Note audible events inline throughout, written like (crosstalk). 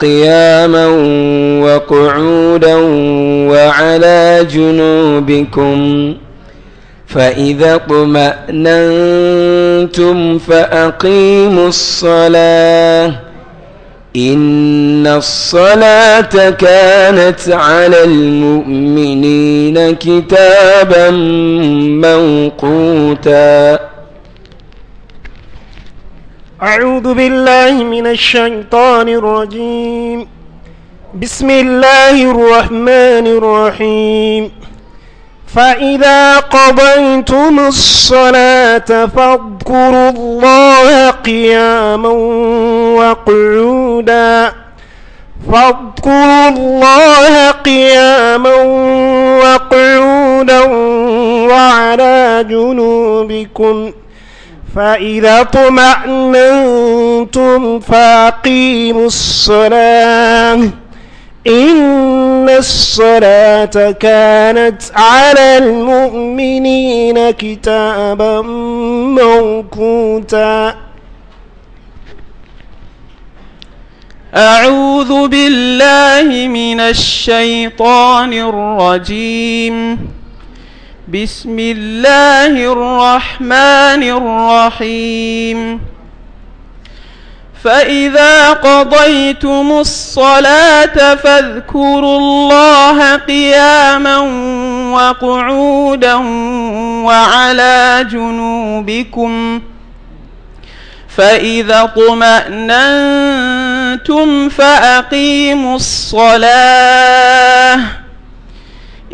قياما وقعودا وعلى جنوبكم فإذا اطمأننتم فأقيموا الصلاة إن الصلاة كانت على المؤمنين كتابا موقوتا أعوذ بالله من الشيطان الرجيم بسم الله الرحمن الرحيم فإذا قضيتم الصلاة فاذكروا الله قياما وقعودا فاذكروا الله قياما وقعودا وعلى جنوبكم فإذا طمأننتم فأقيموا الصلاة إن الصلاة كانت على المؤمنين كتابا موقوتا أعوذ بالله من الشيطان الرجيم بسم الله الرحمن الرحيم فإذا قضيتم الصلاة فاذكروا الله قياما وقعودا وعلى جنوبكم فإذا اطمأننتم فأقيموا الصلاة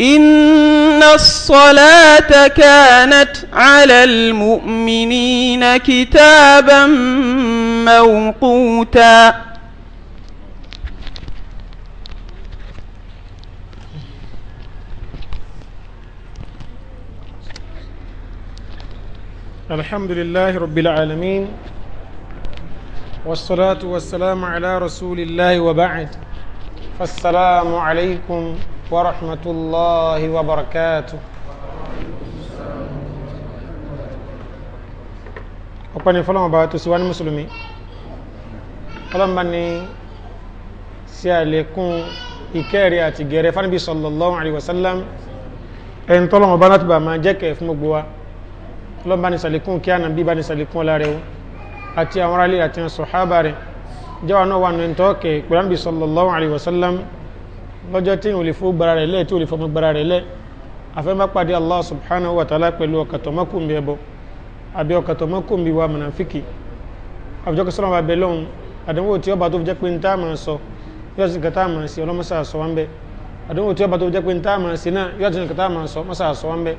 إن الصلاة كانت على المؤمنين كتابا موقوتا الحمد لله رب العالمين والصلاة والسلام على رسول الله وبعد فالسلام عليكم ورحمة الله وبركاته ọ̀pẹ́ ni fọ́lọ́mọ̀ bá tó síwá ní mùsùlùmí ọlọ́mọ̀ ni sí àlékún ìkẹ́ẹ̀rẹ́ àti gẹ̀ẹ́rẹ́ fánibí sallallahu alaihi wasallam ẹni tọ́lọ́mọ̀ bá láti bà máa jẹ́kẹ̀ fún gbogbo wa ọlọ́mọ̀ ni sàlékún kí ànà bí bá ni sàlékún ọlá rẹ̀ àti àwọn aráàlẹ́ àti àwọn jẹ́wà náà wà ní tọ́ọ̀kẹ̀ pẹ̀lú sallallahu lọ́jọ́ tí ò lè fó gbara rẹ̀ lẹ̀ tí ò lè fọmọ gbara rẹ̀ lẹ̀ afẹ́mọ́pàdé allah subhanahu wa ta'ala pẹ̀lú ọkàtọ̀mọ́kùnbí ẹbọ àbí ọkàtọ̀mọ́kùnbí wa mùnàfíkì àbújọ́kọ̀ sọ́nà àbẹ̀ lọ́hùn àdánwò tí ọba tó jẹ́ pé ń tá àmà sọ yóò sì kàtà àmà sí ọlọ́mọsà sọ wọn bẹ́ àdánwò tí ọba tó jẹ́ pé ń tá àmà sí náà yóò sì kàtà àmà sọ mọ́sà sọ wọn bẹ́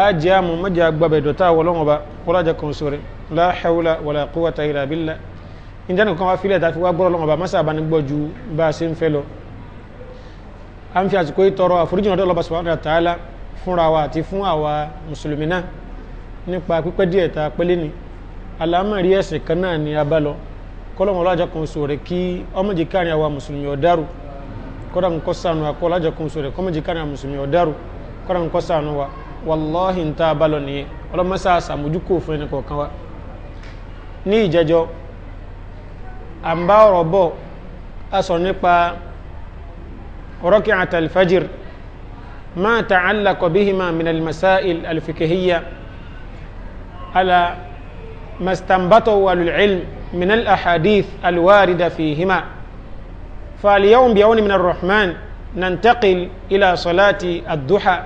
á jẹ́ àmọ́ mọ́jà gbàbẹ̀ dọ̀tà wọlọ́wọ́n ba kọ́lájà kan sóre la hawla wala quwwata illa a ń fi àsìkò ìtọrọ àforíjì náà dọ́lọ́ba subhanahu wa ta'ala fúnra wa àti fún àwa mùsùlùmí náà nípa pípẹ́ díẹ̀ ta pélé ni àlámọ̀rí ẹ̀sìn kan náà ni a bá lọ kọ́lọ́mù ọlọ́jà kan sọ rẹ̀ kí ọmọdé káàrin àwa mùsùlùmí ọ̀dàrú kọ́dà ń wa wàláhì ń tá a bá lọ nìyẹn ọlọ́mọsá àsàmójúkò fún ẹnì kọ̀ọ̀kan wa ní وركعة الفجر ما تعلق بهما من المسائل الفقهية على ما استنبطه العلم من الأحاديث الواردة فيهما فاليوم بيون من الرحمن ننتقل إلى صلاة الضحى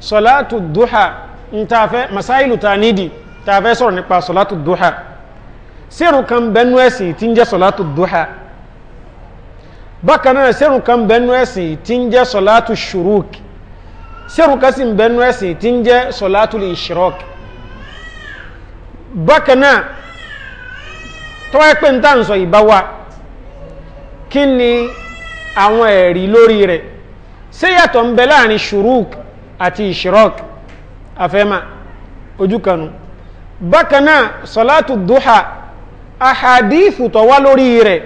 صلاة الضحى مسائل تانيدي تافي صلاة الضحى سيرو كم بنوسي تنجى صلاة الضحى bákan náà sẹ́rùn kan bẹnu ẹ̀sìn tí ń jẹ́ sọ̀látù ṣùrúk sẹ́rùn kan sì ń bẹnu ẹ̀sìn tí ń jẹ́ sọ̀látù lè ṣìrọ́k bákan náà tọ́wọ́ pé ń tàn sọ ìbáwá kí ni àwọn ẹ̀rí lórí rẹ̀ ṣé yàtọ̀ ń bẹ láàrin ṣùrúk àti ìṣìrọ́k afẹ́mà ojú bákan náà sọ̀látù dúhà àhàdífù tọ́wá lórí rẹ̀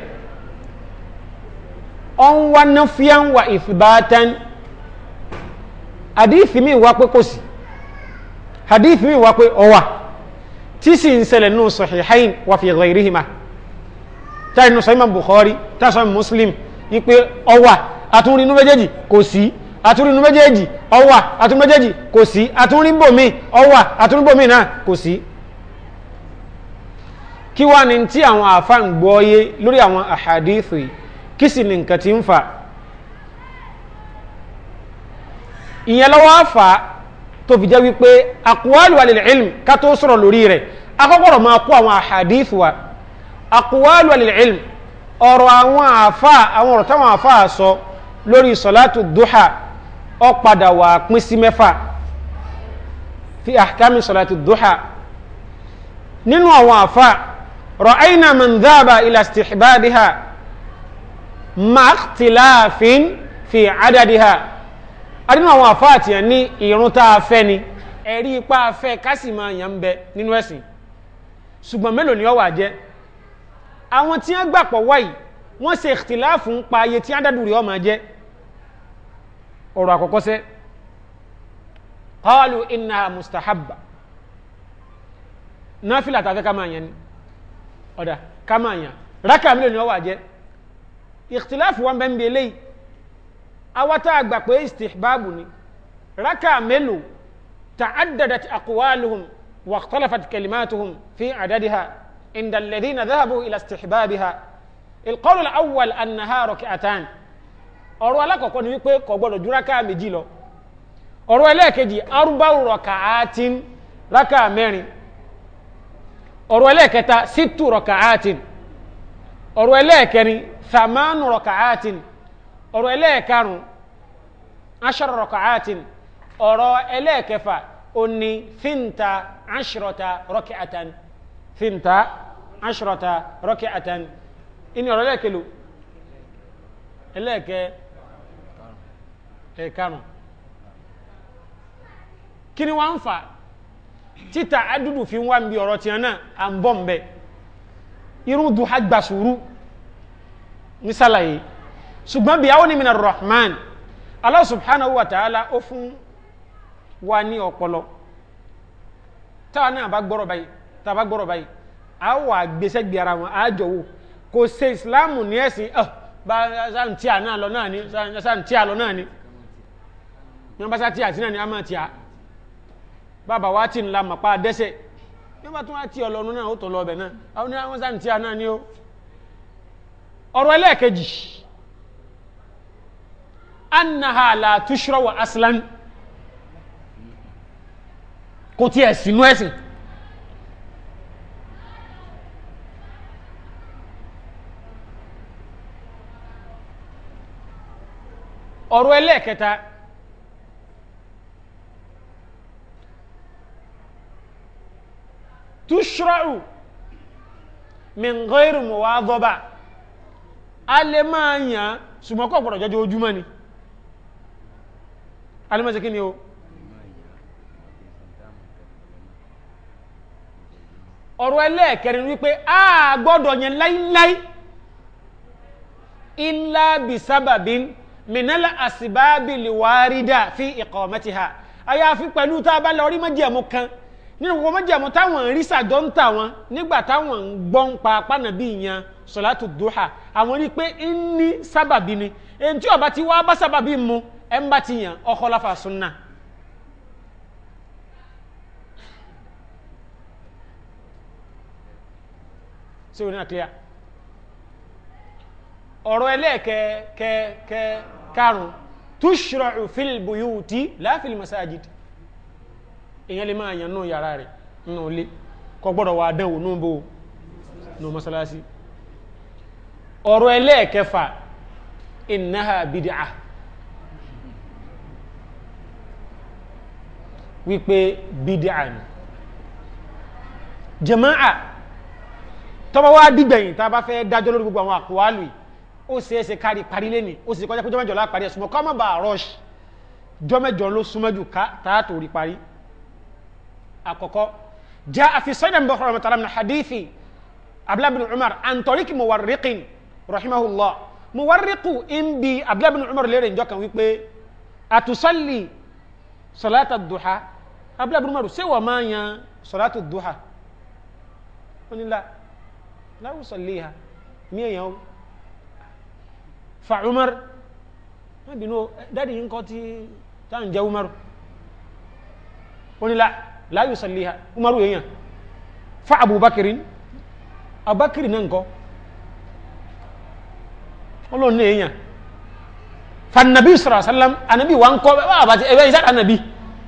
ọ̀n wa nafiyan wa ìfìbátan hadithi mi wá pé kò sí hadithi mi wá pé ọwà tí sì ń ṣẹlẹ̀ nù sahihain wa fi ghayrihima táyì nù sọ́yìnmọ̀ bukhari táyì sọ́yìnmọ̀ muslim ipe ọwà àtúnrí inú méjèèjì kò sí àtúnrí inú méjèèjì ọwà àtúnrí méjèèjì kò sí àtúnrí bòmí ọwà àtúnrí bòmí náà kò sí kí wá ni tí àwọn àfa ń gbọ́ yé lórí àwọn àhàdíìsì kí sì ni nǹkan ti ń fà ìyẹn lọ́wọ́ àfà tó fi jẹ́ wípé àkùwálù alìlẹ̀ ilm ká tó sọ̀rọ̀ lórí rẹ̀ akọ́kọ̀rọ̀ máa kó àwọn àhàdíìsì wa àkùwálù alìlẹ̀ ilm ọ̀rọ̀ àwọn àfà àwọn ọ̀rọ̀ táwọn àfà sọ lórí sọ̀látù duha ó padà wà pín sí mẹ́fà fi àkàmì sọ̀látù duha nínú àwọn àfà rọ̀ àyìnà man dhaba ila istihbabiha maktilafin fi adadiha adínú àwọn àfáàtì ní ìrún tá a fẹ́ ni ẹ̀rí ipá afẹ́ kásì máa yàn bẹ nínú ẹ̀sìn ṣùgbọ́n mélòó ni ó wà jẹ́ àwọn tí wọ́n gbàpọ̀ wáyìí wọ́n ṣe ìtìláàfù ń pa ayé tí adádù rí ọmọ jẹ́ ọ̀rọ̀ àkọ́kọ́ sẹ́ qalu innaha mustahabba náfìlà tàfẹ́ ká máa yàn ni ọ̀dà ká máa yàn rákà mélòó ni ó wà jẹ́ ìkìtìláàfù wọn bẹ́ẹ̀ ń belé yìí awátá àgbà pé istihbabu ni rákà mélòó ta'addadat aqwaluhum wa ikhtalafat kalimatuhum fi adadiha inda alladhina dhahabu ila istihbabiha القول الأول أنها ركعتان ọ̀rọ̀ alákọ̀ọ́kọ́ ni wípé kò gbọ́dọ̀ ju rákà méjì lọ ọ̀rọ̀ ẹlẹ́ẹ̀kejì arúbáwò rọ̀kàátín rákà mẹ́rin ọ̀rọ̀ ẹlẹ́ẹ̀kẹta sítù rọ̀kàátín ọ̀rọ̀ ẹlẹ́ẹ̀kẹrin thamanu rọkàátin ọ̀rọ̀ ẹlẹ́ẹ̀karùn ashara rọkàátin ọ̀rọ̀ ẹlẹ́ẹ̀kẹfà òní thinta ashrata rọkàátan thinta ashrata rọkàátan ini ọ̀rọ̀ ẹlẹ́ẹ̀kẹlò ẹlẹ́ẹ̀kẹ ẹ̀karùn kí ni wọ́n ń fà títà adúdù fi wá ń bi ọ̀rọ̀ tiẹ̀ irú duha gba sùúrù nísàlàyé ṣùgbọ́n bí àwọn onímìnà rahman Allah subhanahu wa ta'ala ó fún wa ní ọpọlọ táwa náà bá gbọ́rọ̀ báyìí táwa bá gbọ́rọ̀ báyìí a wà gbèsè gbé ara wọn a jọ wò kò ṣe ìsìláàmù ní ẹ̀sìn ọ̀ ah, bá sáǹtì àná lọ náà ni náà ní bá sáǹtì àti a máa ti à bí wọ́n bá tún wá tí ọlọ́run náà ó tọ̀ lọ ọbẹ̀ náà àwọn oníwà wọn sáà ní tí a náà ó ọ̀rọ̀ ẹlẹ́ẹ̀kejì annaha la aslan kò tiẹ̀ sínú ẹ̀sìn ọ̀rọ̀ ẹlẹ́ẹ̀kẹta tushra'u min ghairu muwadhaba a lè máa yàn ṣùgbọ́n kò gbọ́dọ̀ jọjọ ojúmọ́ ni alimọ́sí kí ni o ọ̀rọ̀ ẹlẹ́ẹ̀kẹrin wípé a gbọ́dọ̀ yẹn láíláí illa bi sábàbín minal asibábìlì wárida fi iqamatiha àyàfi pẹ̀lú tá a bá lọ rí mọ́jẹ̀mú kan nínú gbogbo mọ́jàmú táwọn rísà jọ ń tà wọn nígbà táwọn ń gbọ́ ń pa pánàbí ìyan sọ̀látù dùhà àwọn rí pé ń ní sábàbí ni èyí tí ọba ti wá bá sábàbí mu ẹ̀ ń bá ti yàn ọkọ láfa ṣé o ní àkíyà ọ̀rọ̀ ẹlẹ́ẹ̀kẹ́ kẹ́ kẹ́ karùn-ún túṣrọ̀ fil buyuti la fil masajid èèyàn lè máa yàn nù yàrá rẹ̀ nù ilé kò gbọ́dọ̀ wà dánwò nù bó nù mọ́sálásí ọ̀rọ̀ ẹlẹ́ẹ̀kẹfà innaha bid'ah wípé bid'ah ni jama'a tọ́bọ̀ wá dìgbẹ̀yìn tá a bá fẹ́ dájọ́ lórí gbogbo àwọn àkùwálù ó ṣe é ṣe kárí parí lẹ́ni ó sì kọjá pé jọ́mẹ́jọ lá parí ẹ̀sùn mọ́ kọ́ mọ́ ló súnmọ́jù ká tààtò rí parí àkọ́kọ́ já àfisọ́nà mbọ̀kọ̀ rọ̀mọ̀tàlá min hadithi abdullahi bin umar antoriki muwarriqin rahimahullah muwarriqu in bi abdullahi bin umar lérè njọ́ kan wípé àtúsọ́lì sọ̀látà duha abdullahi bin umar ṣé wà máa yan sọ̀látà duha ó ní la láwùsọ̀lìhà mí èèyàn o fa umar wọ́n bínú dáàdì yìí ń kọ́ tí táà ń jẹ́ umar ó la yusalliha umaru yẹn fa abubakirin abakiri náà nkọ ọlọ́run náà yẹn fa nabi sọ̀rọ̀ sálám anabi wa nkọ ẹ bá àbàtì ẹ bá yìí sáà anabi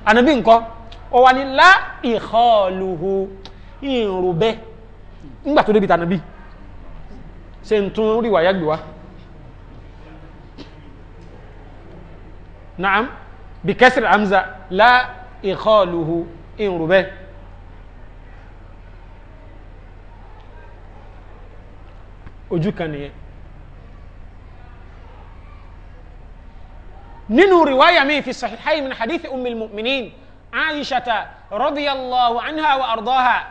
anabi nkọ ọwà ni la ìkọlùhù ìrùbẹ ńgbà tó débi tànàbí ṣe ń tún ríwà yàgbìwá naam bí kẹsìrì amza la ìkọlùhù ìrù bẹ́ẹ̀ ojú kan nìyẹn nínú riwaya mi fi sahihayi min hadithi ummi almu'minin aishata radiyallahu anha wa ardaha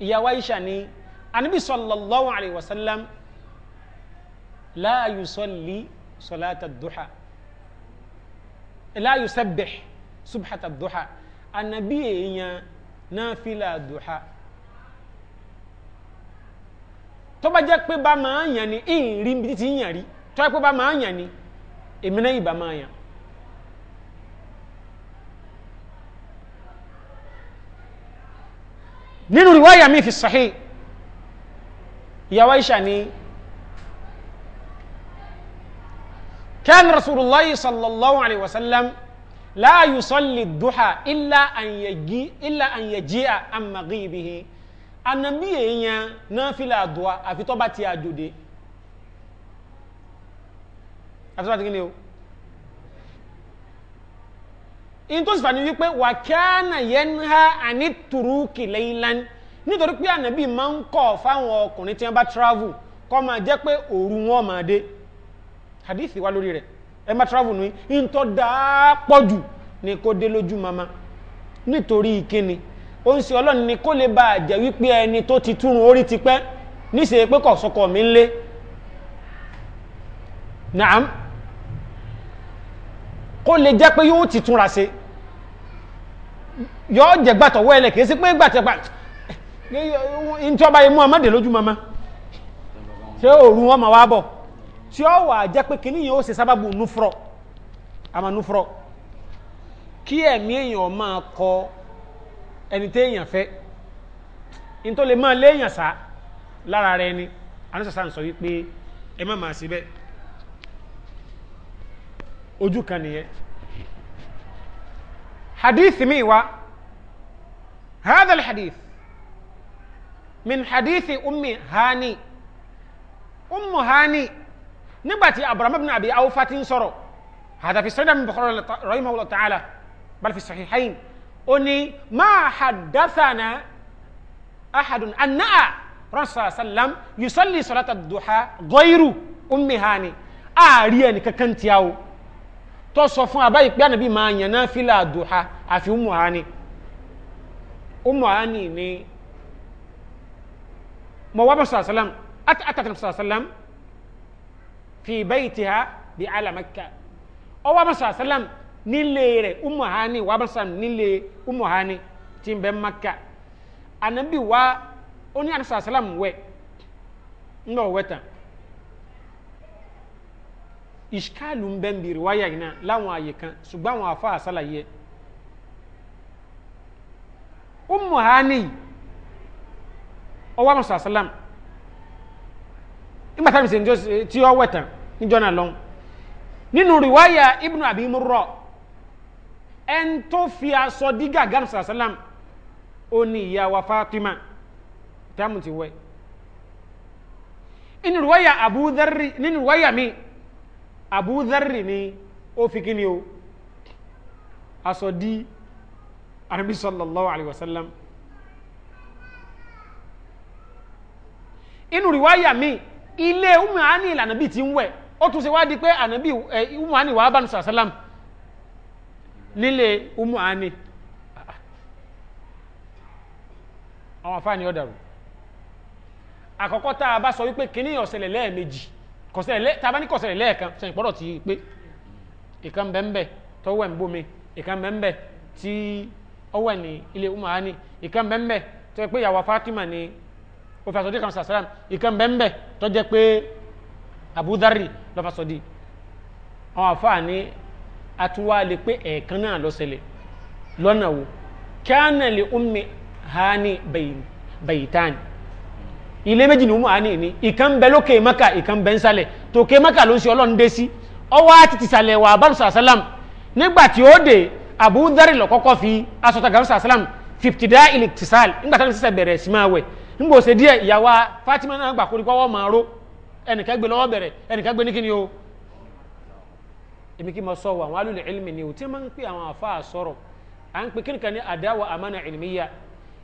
ìyàwó aisha ni anabi sallallahu alaihi wasallam la yusalli salata duha la yusabbih subhata duha anabi èèyàn náfìlà duha tó bá jẹ́ pé bá máa ń yàn ní ìrì bí ti ń yàn rí tó bá pé bá máa ń yàn ní èmi náà ìbá máa yàn nínú riwaya mi fi sahih ìyá Aisha ni kan Rasulullahi sallallahu alaihi wasallam láàyù sọ́lì dùhà ilá àyẹ̀jí àmàgí ibi hì anabi èèyàn náà fílà àdùá àfi tó bá ti àjòdè àfi tó bá ti kíni o in tó sì fà ní wípé wà kíánà yẹn ha àní turuki laylan nítorí pé anabi máa ń kọ̀ fáwọn ọkùnrin tí wọ́n bá travel kọ́ máa jẹ́ pé òru wọn máa dé hadith wà lórí rẹ̀ ẹ má travel ní ìntọ́ dáa pọ̀jù ní kó dé lójú mama nítorí ìkíni ó ń ṣe ọlọ́run ni kó lè bá àjẹ́ wípé ẹni tó ti túrun orí ti pẹ́ níṣe pé kọ̀ sọkọ̀ mi ń lé naam kó lè jẹ́ pé yóò ti túnra ṣe yọ́ jẹ́ gbàtọ̀wọ́ ẹlẹ̀ kìí sí pé gbàtẹ̀gbà ní tí ọba imú ọmọdé lójú mama ṣé òru wọn ma wá bọ̀ tí ó wà jẹ́ pé kìíní yẹn ó ṣe sábàbù núfúrọ̀ àmà núfúrọ̀ kí ẹ̀mí èèyàn máa kọ ẹni tí èèyàn fẹ́ ní tó lè máa léèyàn sá lára rẹ ni anúṣàṣà ń sọ wípé ẹ má máa ṣe ojú kan nìyẹn hadith mi wa هذا الحديث من حديث أم هاني أم هاني nígbàtí abraham ibn abi awfa ti ń sọ̀rọ̀ hadafi sọ́dọ̀ mi bukhari rahimahullah ta'ala balfi sahihain ó ní máa hadathana ahadun anna'a rasul sallam yusalli salata duha ghayru ummi hani ààrí ẹni kankan tí a ó tó sọ fún abáyé pé ànàbí máa yàn náà fílà duha àfi ummu hani ummu hani ni mọ̀wá bá sọ̀rọ̀ sallam àtàtà sọ̀rọ̀ sallam fi baytiha bi ala makka ọwọ́ masa salam nílé rẹ̀ umu hani wa masa nílé umu hani tí ń bẹ makka anabi wa ó ní anasa salam wẹ̀ ń lọ wẹ̀ tán ìṣkáàlù ń bẹ ń bìrì wáyà yìí náà láwọn àyè kan masa salam nígbà tábí ṣe tí ó wẹ̀ tán níjọ́ náà lọ́hùn nínú rìwáyà ibn abi murra ẹn tó fi aṣọ dí gàgán sàlám ó ní ìyá wa fatima táàmù ti wẹ̀ nínú rìwáyà abu dharri nínú rìwáyà mi abu dharri ni ó fi kíni o aṣọ dí anabi sallallahu alayhi wa inú rìwáyà mi ilé umani ìlànàbí ti ń wẹ̀ ó tún ṣe wá di pé ànàbí umani wàá bá nùsà sálám nílé umani àwọn afáàní ọ̀dàrú àkọ́kọ́ tá a bá sọ wípé kíní ọ̀sẹ̀lẹ̀ lẹ́ẹ̀mejì tá a bá ní kọ̀sẹ̀lẹ̀ lẹ́ẹ̀kan sẹ́yìn pọ́dọ̀ ti pé ìkan bẹ́ẹ̀ tọ́wọ́ ń bómi ìkan bẹ́ẹ̀ tí ọwọ́ ní ilé umani ìkan bẹ́ẹ̀ tọ́wọ́ pé ìyàwó Fatima ni òfin àsọdí kan sàsàlám ìkan bẹ́ẹ̀ tó jẹ́ pé abudari lọ́fàsọ́dí àwọn àfáà ní atúwálé pé ẹ̀ẹ̀kan náà lọ́sẹ̀lẹ̀ lọ́nà wo kana li ummi hani bayitani ilé méjì ni umu hani ni ìkan bẹ lókè maka ìkan bẹ nsàlẹ̀ tòkè maka ló ń ṣe ọlọ́run dé sí ọwọ́ àti tìsàlẹ̀ wà bá lùsà sálàm nígbà tí ó dé abudari lọ́kọ́kọ́ fi asọ̀tàgà lùsà sálàm ilẹ̀ tìsàl nígbà tí wọ́n ti sẹ́ bẹ̀rẹ̀ sí máa wẹ̀ nígbò ṣe díẹ̀ ìyàwó Fatima náà gbà kórìkọ́ wọ́n máa ró ẹnìkan gbé lọ́wọ́ bẹ̀rẹ̀ ẹnìkan gbé ní kíni o èmi kí n máa sọ wà wọn alùlù ilmi ni o tí máa ń pè àwọn àfa àsọ̀rọ̀ à ń pè kí nìkan ní àdáwà àmánà ilmiya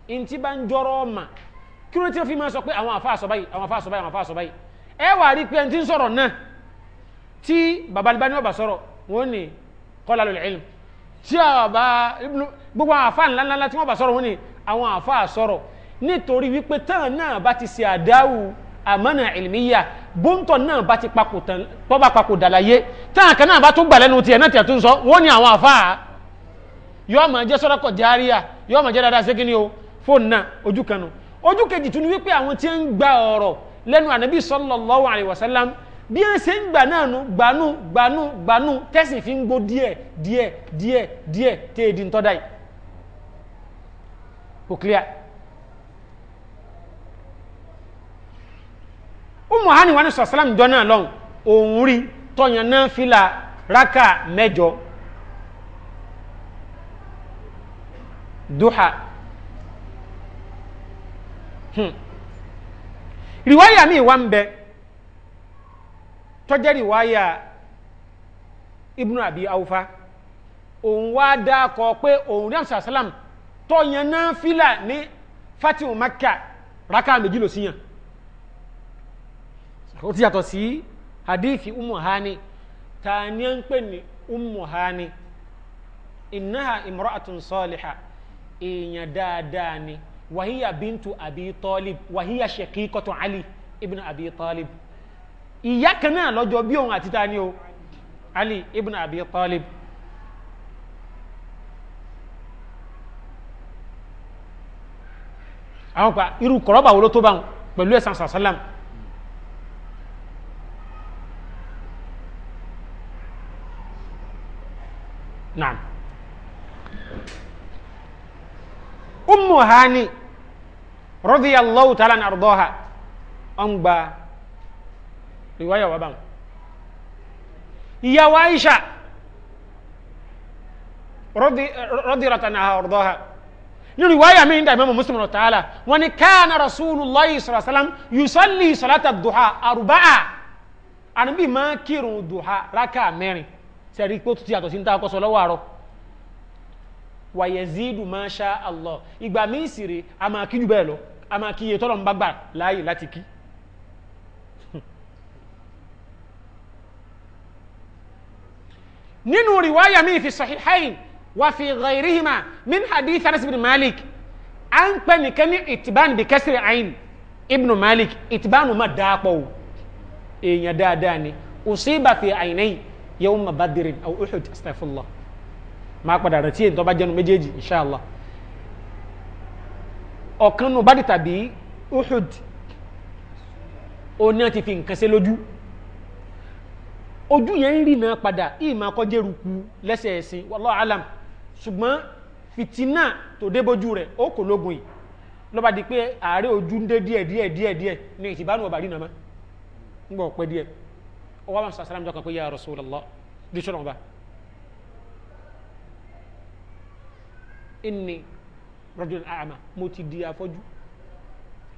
ntí bá ń jọrọ ọmà kí ló ti fi máa sọ pé àwọn àfa àsọ báyìí àwọn àfa àsọ báyìí àwọn àfa àsọ báyìí ẹ wà rí pé ẹni tí ń náà tí babalibá ní ọba sọ̀rọ̀ wọn ni kọ́lá lọ́lẹ̀ ilmi tí ọba gbogbo àwọn àfa ńláńlá tí wọ́n bá sọ̀rọ̀ wọn ni àwọn àfa àsọ̀rọ̀ nítorí wípé tán náà bá ti ṣe àdáwù àmọ́nà ìlmíyà bóńtọ̀ náà bá ti tọ́ba papò dàlàyé tán kan náà bá tún gbà lẹ́nu tiẹ̀ náà tiẹ̀ tún sọ wọ́n ní àwọn àfáà yóò máa jẹ́ sọ́dọ̀kọ̀ járíà yóò máa jẹ́ dáadáa ṣé kíni o fóònù náà ojú kanu ojú kejì tún ni wípé àwọn tí ń gba ọ̀rọ̀ lẹ́nu ànábì sallallahu alaihi wasallam bí ẹ ṣe ń gbà náà nu gbanú gbanú gbanú tẹ́sì fi ń clear umu hani wani sọ salam jọ náà lọ́n òun rí tọ́yàn náà fìlà rákà mẹ́jọ duha hmm. riwaya mi wa ń bẹ tọ́jẹ́ riwaya ibnu abi awfa òun wá dákọ pé òun rí àmsà salam tọ́yàn náà fìlà ní fatihu makka rákà méjì lọ síyàn ó ti yàtọ̀ sí hadithi umu hani ta ni ń pè ní umu hani innaha imra'atun saliha èèyàn dáadáa ni wàhíyà bíntu àbí tọ́lib wàhíyà shaqiqatu ali ibn àbí tọ́lib ìyá kan náà lọ́jọ́ bí òun àti ta ni o ali ibn àbí tọ́lib àwọn pa irú kọ̀rọ̀bà wo ló tó bá wọn pẹ̀lú ẹ̀sán sàṣálàmù نعم أم هاني رضي الله تعالى أرضاها أنبا رواية وبان يا عائشة رضي رضي الله عنها أرضاها ní riwaya mi da imamu muslim ta'ala wani kana rasulullahi sallallahu alaihi wasallam yusalli salata duha arba'a anabi ma kírun duha raka mẹ́rin sẹ́rí pé ó tún ti yàtọ̀ sí ní táwọn kọ́sọ̀ lọ́wọ́ àárọ̀ wàyẹ̀zídù máa ṣá Allah ìgbà míì sì rè a máa kí jù bẹ́ẹ̀ lọ a máa kí iye tọ́lọ̀ ń bá gbà láàyè láti kí (laughs) nínú rìwáyà míì fi sahihain wà fi ghairihima min hadith Anas ibn Malik à ń pẹ́ nìkan ní ìtìbánu bí kasri ain ibn Malik ìtìbánu má dáa pọ̀ o èèyàn dáadáa ni òsínbà fi àìnẹ́yìn yawma badrin aw uhud astaghfirullah máa padà rẹ̀ tí èyí tó bá jẹnu méjèèjì inshallah ọ̀kan nù bá tàbí uhud oní àti fi nǹkan ṣe lójú ojú yẹn ń rí náà padà ìmọ̀ akọ́jẹ́ ruku lẹ́sẹ̀ ẹ̀sìn wallahu alam ṣùgbọ́n fìtínà tó débojú rẹ̀ ó kò lógun yìí ló bá di pé ààrẹ ojú ń dé díẹ̀ díẹ̀ díẹ̀ ní ìtìbánu ọ̀bàrí nàmá ń bọ̀ pẹ́ díẹ̀ owawan sa salam joka ko ya rasulallah dicono ba inni rajulun ama mo ti di afọ́jú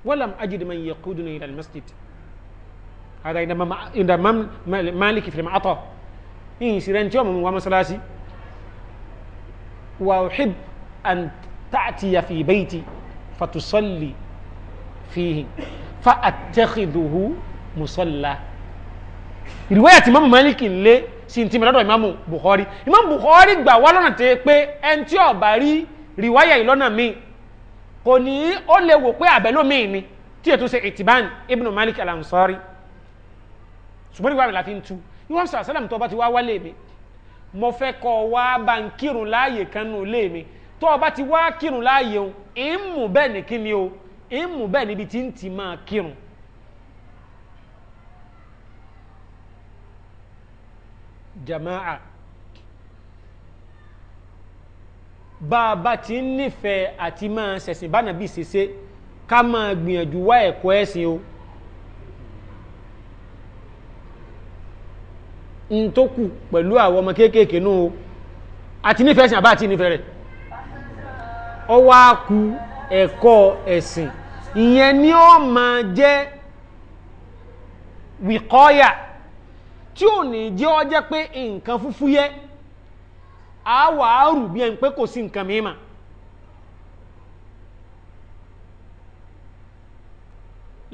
walam ajid man yaquduni ila almasjid hada inda mam inda mam maliki fi ma'ata in siran ti mo wa masalasi wa uhib an ta'tiya fi bayti fatusalli fihi fa attakhidhuhu musalla ìrìwẹ́ àti Imam Málíkì lé sí ti mẹ́lọ́dọ̀ Imam Bukhari Imam Bukhari gbà wá lọ́nà tẹ́ pé ẹn tí ó bá rí rìwáyà ìlọ́nà mi kò ní ó lè wò pé àbẹ́lómi ni tí ètò ṣe ìtìbán Ibn Malik Al-Ansari ṣùgbọ́n ìwà mi láti ń tu ìwọ́n sọ àṣálàm tó bá ti wá wálé mi mo fẹ́ kọ́ wá bá ń kírun láàyè kan nù lé mi tó o bá ti wá kírun láàyè o ìmù bẹ́ẹ̀ ni kí ni o ìmù bẹ́ẹ̀ níbi tí ń ti máa kírun jama'a ba tí ń nífẹ̀ẹ́ àti máa ṣẹ̀sìn bánàbí ṣeṣe ká máa gbìyànjú wá ẹ̀kọ́ ẹ̀sìn o n tó kù pẹ̀lú àwọn ọmọ kéékèèké nú o àti nífẹ̀ẹ́ ẹ̀sìn àbá àti nífẹ̀ẹ́ rẹ̀ ọ wá ku ẹ̀kọ́ ẹ̀sìn ìyẹn ni ó máa jẹ́ wìkọ́yà tí ò ní jẹ́ ọ jẹ́ pé nǹkan fúfú yẹ a wà á rù bí ẹni pé kò sí nǹkan mìíràn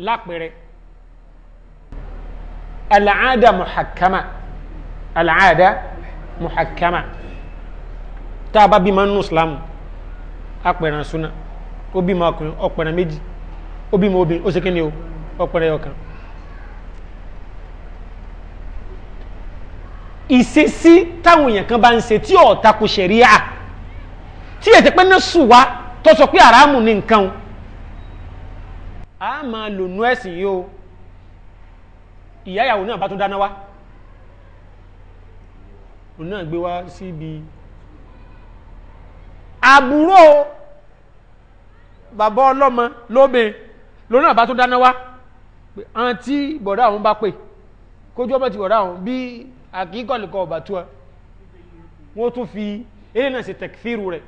lápẹẹrẹ al'ada muhakkama al'ada muhakkama tá bá bí ma nínú islamu apẹ̀rẹ̀ súná ó bí ma ọkùnrin ọpẹ̀rẹ̀ méjì ó bí ma obìnrin ó sì kí ni ó ọpẹ̀rẹ̀ ọkàn ìṣesí táwọn èèyàn kan bá ń ṣe tí ò tako ṣẹ̀ríà tí ètè pé náà sùn wá tó sọ pé àràmù ní nǹkan a máa lò nú ẹ̀sìn yìí o ìyá ìyàwó náà bá tún dáná wá òun náà gbé wá síbi àbúrò bàbá ọlọ́mọ lóbe lóun náà bá tún dáná wá àǹtí bọ̀dá àwọn bá pè kójú ọmọ ti bọ̀dá àwọn bíi àkíkọ̀lùkọ̀ ọ̀bàtúwa wọ́n tún fi eré náà ṣe tẹ̀kfíru rẹ̀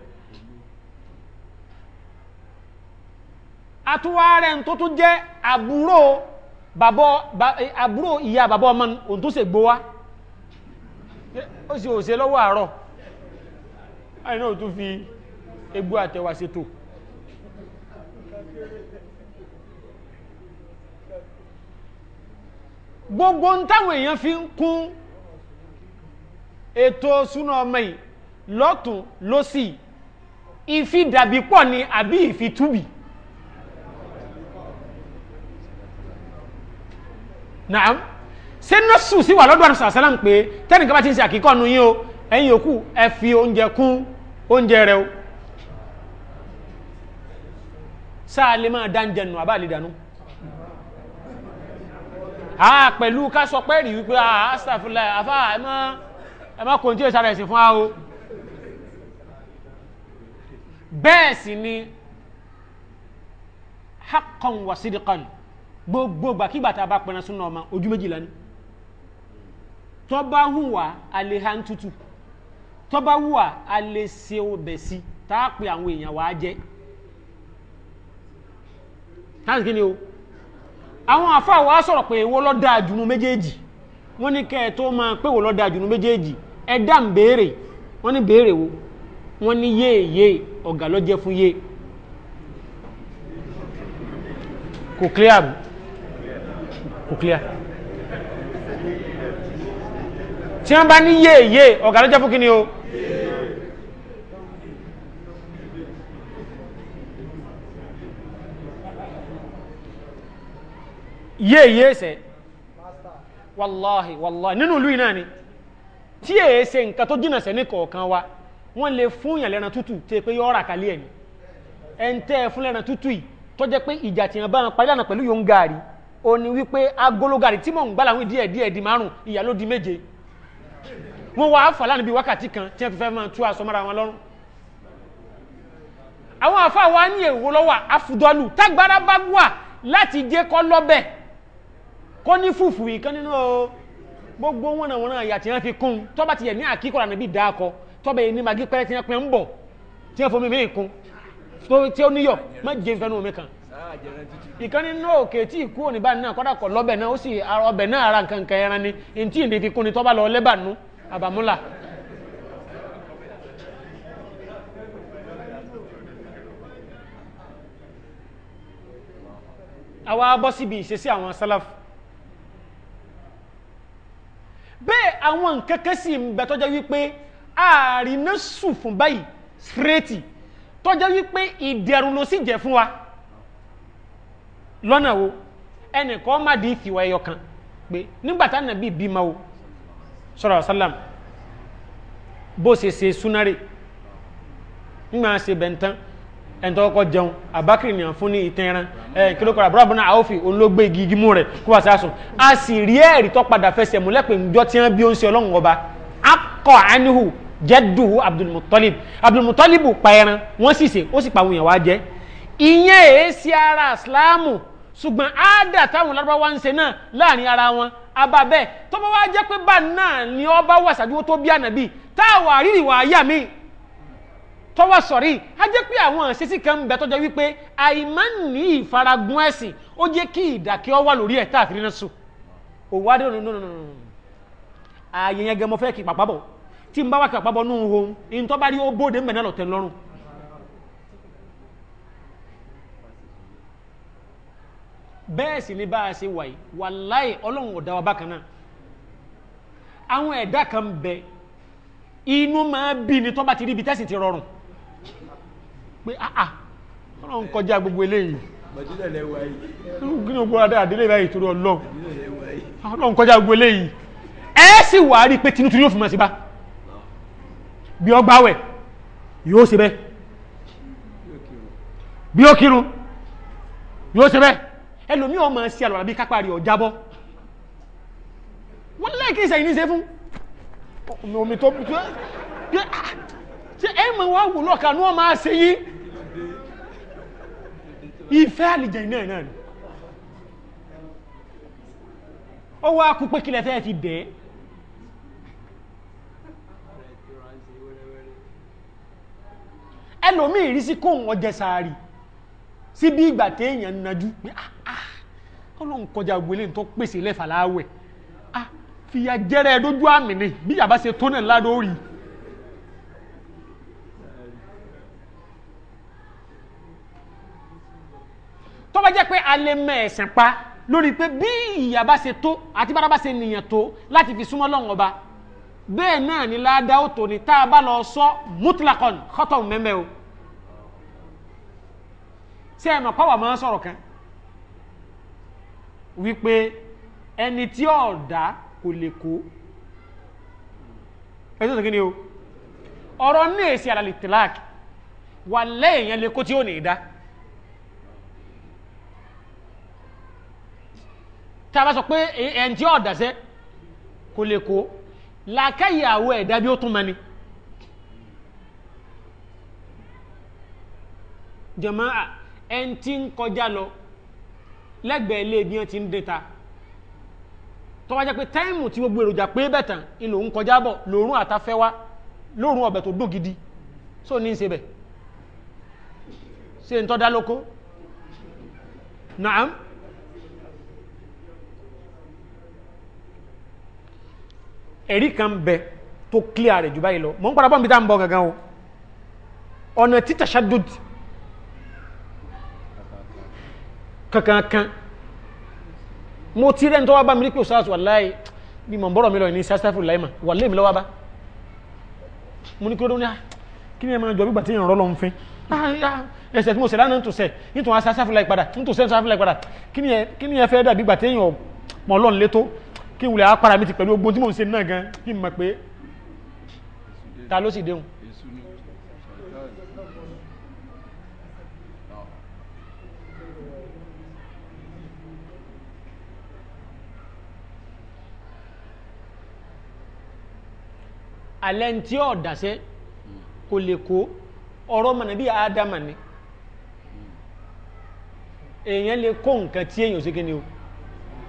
atúwá rẹ̀ tó tún jẹ́ àbúrò bàbọ́ àbúrò ìyá man, ọmọ òun tó ṣe gbówá ó sì òṣè lọ́wọ́ àárọ̀ àìní ò tún fi egbó àtẹwà ṣètò gbogbo ń táwọn èèyàn fi ń kún ètò súnà ọmọ yìí lọ́tún lọ́sì ìfi dàbí pọ̀ ni àbí ìfi túbì naam ṣé nọ́ọ̀sù sí wà lọ́dọ̀ àrùsà sálàm pé tẹ́nìkan bá ti ń ṣe àkíkọ́ nu yín o ẹ̀yin yòókù ẹ fi oúnjẹ kún oúnjẹ rẹ o sáà lè máa dá ń jẹnu àbá lè dànù a pẹ̀lú ká sọ pẹ́ẹ̀rì wípé a astafula afa ẹ máa ẹ má kò ní tí yóò sára ẹ̀sìn fún wa o bẹ́ẹ̀ sì ni haqqan wa sidiqan gbogbo gbàkígbà tá a bá pẹran súnà ọmọ ojú méjìlá ni tọ́ba hùwà alẹ́ ha ń tutù tọ́ba hùwà alẹ́ ṣe ọbẹ̀ sí tá a pè àwọn èèyàn wàá jẹ́ láti kí ni o àwọn àfa wa sọ̀rọ̀ pé èwo ló dáa jùnú méjèèjì wọ́n ní kẹ́ ẹ̀ tó máa pé èwo ló dáa jùnú méjèèjì ẹ̀dá ń béèrè wọ́n ní béèrè wo wọ́n ní yéèyé ọ̀gá ló jẹ́ fún yéè kò clear kò clear tí wọ́n bá ní yéèyé ọ̀gá ló jẹ́ fún kíni o yéèyé ẹsẹ̀ wàláhì wàláhì nínú ìlú yìí ni tí èé ṣe nǹkan tó jìnà sẹ́ni kọ̀ọ̀kan wa wọ́n lè fún yàn lẹ́ran tútù tí pé yọ ọ́rà kálí ẹ̀mí ẹ̀ ń tẹ́ ẹ fún lẹ́ran tútù yìí tó jẹ́ pé ìjà tí wọ́n bá wọn parí pẹ̀lú yòó ń gàrí ó ní wípé agolo gàrí tí mò ń gbà láwọn díẹ̀ díẹ̀ di márùn ìyá ló di méje wọ́n wá fà lánàá bíi wákàtí kan tí wọ́n fi fẹ́ máa tú aṣọ mọ́ra wọn lọ́rùn àwọn àfa wa ní èwo lọ́wọ́ àfùdọ́lù tágbára bá wà láti jẹ́ kọ́ lọ́bẹ̀ kọ́ ní fùfù ìkan nínú o. No gbogbo wọn náà wọn náà yà tí wọn fi kún tọ́ba ti yẹ ní àkíkọ́ ànábì dáàkọ́ tọ́ba yìí ní magi pẹ́rẹ́ tí wọn pẹ́ ń bọ̀ tí wọn fomi mí kún tí ó níyọ̀ má jẹ nfẹ́ nu omi kan. ìkànnì náà òkè tí ìkú òní bá náà kọ́dà kọ́ lọ́bẹ̀ náà ó sì ọbẹ̀ náà ara nǹkan nǹkan ẹran ni ntí ìdè fi kún ni tọ́ba lọ lẹ́bàánú àbámúlà. àwa bọ́ síbi ìṣesí àwọn sálàfù bẹ́ẹ̀ àwọn nkẹ́kẹ́ sì ń bẹ tọ́jọ́ wípé ààrin náà sùn fún báyìí sírẹ́tì tọ́jọ́ wípé ìdẹ̀rùn ló sì jẹ́ fún wa lọ́nà wo ẹnìkan má di ìfìwà ẹyọ kan pé nígbàtá nàbí bímọ o sọ̀rọ̀ sálàm bó ṣe ṣe súnárè ń máa ṣe bẹ̀ntán ẹ̀ntọ́ ọkọ̀ jẹun àbákìrì ni à ń fún ní ìtẹ́ran ẹ̀ kí ló kọ́ àbúrò àbúrò àwòfì òun ló gbé igi gímú rẹ̀ kó wà sí àsùn a sì rí ẹ̀rí tó padà fẹsẹ̀ múlẹ̀ pé tí wọ́n bí ó ń ṣe ọlọ́run ọba akọ anihu jẹ́dù abdulmutalib abdulmutalib pa ẹran wọ́n sì ṣe ó sì pa àwọn èèyàn wá jẹ́ ìyẹn èsì ara ìsìláàmù ṣùgbọ́n àádà táwọn lárúbáwá ń ṣe náà láàrin ara wọn ababẹ́ tó bá wá jẹ́ pé bá náà ni ọba wà sàdúró tó bí ànàbì táwọn àrírì wà á yà míì tọ́wọ́ sọ̀rí a jẹ́ pé àwọn àṣẹ́sí kan ń bẹ tọ́jọ́ wípé àìmánì ìfaragun ẹ̀sìn ó jẹ́ kí ìdàkẹ́ ọ wà lórí ẹ̀ táàfin náà sùn òwádìí ọ̀nà nínú ààyè yẹn gẹmọ fẹ́ kí pàpàbọ̀ tí ń bá wà kí pàpàbọ̀ nù ohun in tó bá rí ó bóde mẹ́rin lọ̀tẹ̀ lọ́rùn bẹ́ẹ̀ sì ni bá a ṣe wàyí wàláì ọlọ́run ọ̀dá wa bákan náà àwọn ẹ̀dá kan bẹ inú máa bí ni tó bá ti rí ibi tẹ́sì ti rọrùn pé àà ah, ah, ọlọ́run kọjá gbogbo eléyìí gbogbo adé báyìí torí ọlọ́run ọlọ́run kọjá gbogbo eléyìí ẹ sì wà rí pé tinútu yóò fi mọ̀ sí bá bí ó gbààwẹ̀ yóò ṣe bẹ́ẹ̀ bí ó kírun yóò ṣe bẹ́ẹ̀ ẹlòmí ọmọ sí àlọ́lá bí kápá rí ọjà bọ́ wọ́n lẹ́ẹ̀kì ìṣẹ̀yìn ní ṣe fún omi tó ṣé ẹ mọ̀ wá wò lọ́ọ̀ka ni wọ́n máa ṣe yín ìfẹ́ àlìjẹ̀ náà náà ni ó wá kú pé kílẹ̀ fẹ́ fi dẹ̀ ẹlòmíì rí sí kóhùn Ah ah. sí bí ìgbà téèyàn najú pé ah, ah, ọlọ́run kọjá gbélé tó pèsè lẹ́fà láwẹ̀ ah, fìyà jẹ́rẹ́ dójú àmì ni bí yàbá ṣe tó náà ládórí tó bá jẹ́ pé a lè mẹ ẹ̀sìn pa lórí pé bí ìyà bá ṣe tó àti bára bá ṣe nìyàn tó láti fi súnmọ́ lọ́wọ́n ọba bẹ́ẹ̀ náà ni ládàá ó tò ní tá a bá lọ sọ mutlakon kọ́tọ̀ mẹ́mẹ́ o ṣé ẹ mọ̀ pàwọ́ máa sọ̀rọ̀ kan wípé ẹni tí ọ̀dà kò lè kó ẹ tó tó ni o ọ̀rọ̀ ní èsì àlàlì tìláàkì wà lẹ́yìn yẹn lè kó tí ó ní í dá. tàbá sọ pé ẹn tí ọ̀dàṣẹ́ kò lè kó làkàyàwó ẹ̀dá bí ó tún mani jàmáà ẹn tí ń kọjá lọ lẹ́gbẹ̀ẹ́ ilé bí wọ́n ti ń dẹta tọ́wọ́ jẹ́ pé táìmù tí gbogbo èròjà pé bẹ̀tàn ìlò ń kọjá bọ̀ lòrún àtafẹ́ wá lòrún tó dùn gidi só ní í ṣe bẹ̀ ṣe ń tọ́ dá lóko ẹ̀rí kan bẹ tó clear rẹ̀ jù báyìí lọ mọ̀ ń padà bọ́ níbi tá à gangan o ọ̀nà tí tashadud kankankan mo ti rẹ̀ ń tọ́wọ́ bá mi rí pé òṣàṣù wallahi bí mọ̀ ń bọ̀rọ̀ mi lọ ní sasafru láìmà wà lé mi lọ́wọ́ bá mo ní kí ló dé ah, kí ni ẹ máa jọ bí gbàtí ìrànlọ́ lọ ń ah, ah, ẹsẹ̀ tí mo sẹ̀lá náà ń tòsẹ̀ nítorí sasafru láì padà ń tòsẹ̀ sasafru láì padà kí ni ẹ fẹ́ dàbí gbàtí èèyàn mọ̀ ọlọ́run létó kí n wulẹ̀ apára mi ti pẹ̀lú ogun tí mò ń ṣe náà gan kí n mọ̀ pé ta ló sì déhùn. alẹ́ ń tí ọ̀ dàṣẹ́ kò lè kó ọ̀rọ̀ mọ̀nà bí ádámà ni èèyàn lè kó nǹkan tí èèyàn ò sí kí ni o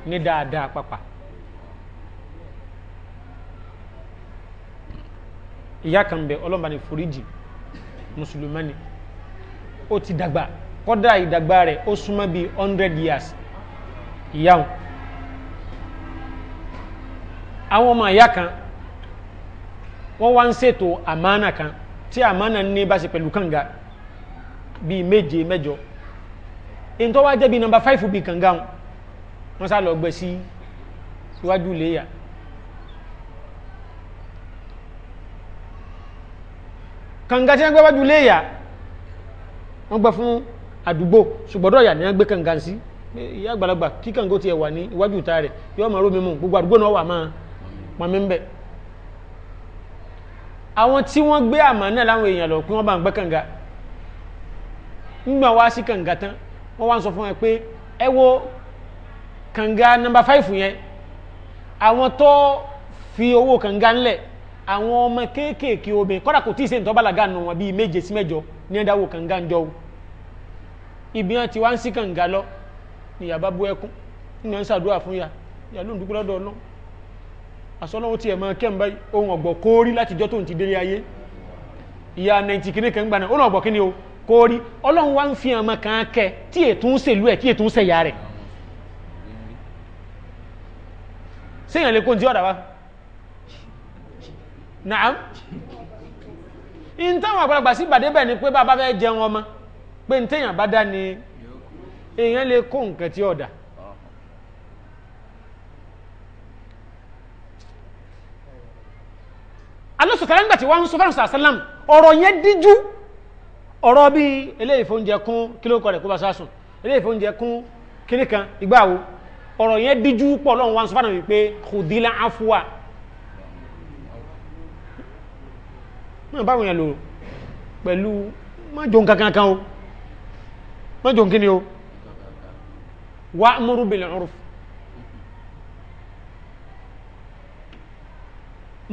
ní dáadáa pàpà. ìyá kan bẹ ọlọ́mọba ní foríjì mùsùlùmánì ó ti dàgbà kọ́dà ìdàgbà rẹ̀ ó súnmọ́ bíi hundred years ìyáhùn àwọn ọmọ ìyá kan wọ́n wá ń ṣètò àmánà kan tí àmánà ní bá ṣe pẹ̀lú kànga bíi méje mẹ́jọ èyí tó wá jẹ́ bíi five bíi kànga wọn sá lọ gbé sí iwájú léyà. kànga tí wọ́n gbé wájú léyà wọ́n gbé fún àdúgbò ṣùgbọ́dọ̀ yà ní wọ́n gbé kànga sí ìyá àgbàlagbà kí kànga tiẹ̀ wà ní iwájú ìta rẹ̀ yóò máa rómi mu gbogbo àdúgbò náà wà máa pọnmi ń bẹ̀ àwọn tí wọ́n gbé àmà náà láwọn èèyàn lọ pé wọ́n bá ń gbé kànga ńgbà wá sí kànga tán wọ́n wá ń sọ fún ẹ pé ẹ wo kànga nọ́mbà fáìfù yẹn àwọn tó fi owó kànga ńlẹ̀ àwọn ọmọ kéékèèké obìnrin kọ́dà kò tí ì ṣe nǹkan bàlágà nù wọn bíi méje sí mẹ́jọ ní ẹ̀dáwó kànga ń jọ o ibi wọn ti wá ń sí kànga lọ ni yàbá bú ẹkún nínú ẹ̀ ń ṣàdúrà fún ya yà ló ń dúpẹ́ lọ́dọ̀ ọlọ́ àsọ́lọ́wọ́ tiẹ̀ máa kẹ́ ń bá ohun ọ̀gbọ̀ kóórí látijọ́ tó ń ti délé ayé ìyá nàìjí kìíní kan gbaná ohun ọ̀gbọ̀ kìíní o kóórí ọlọ́run wá ń fi hàn kan kẹ tí ètò ń ẹ̀ tí ètò ń rẹ̀ séèyàn lè kó ní ti ọ̀dà naam in táwọn àgbàlagbà sí ìbàdí bẹ̀ ni pé bá bá fẹ́ jẹun ọmọ pé n téèyàn bá dá ni èèyàn lè kó nǹkan tí ọ̀dà alóṣùtàlá nígbà tí wọ́n ń sọ fẹ́ràn sàṣálàm ọ̀rọ̀ yẹn díjú ọ̀rọ̀ bí eléyìí fóúnjẹ kún kílókọ rẹ̀ kó bá sásùn eléyìí fóúnjẹ kún kíníkan ìgbàwo ọ̀rọ̀ yẹn díjú pọ̀ lọ́wọ́ wọn sọ fẹ́ràn wípé kò dín láàfúwà mọ́ báwọn èèyàn lò pẹ̀lú mọ́jọ nǹkan kankan o mọ́jọ nǹkan ni o wa'muru bil 'urf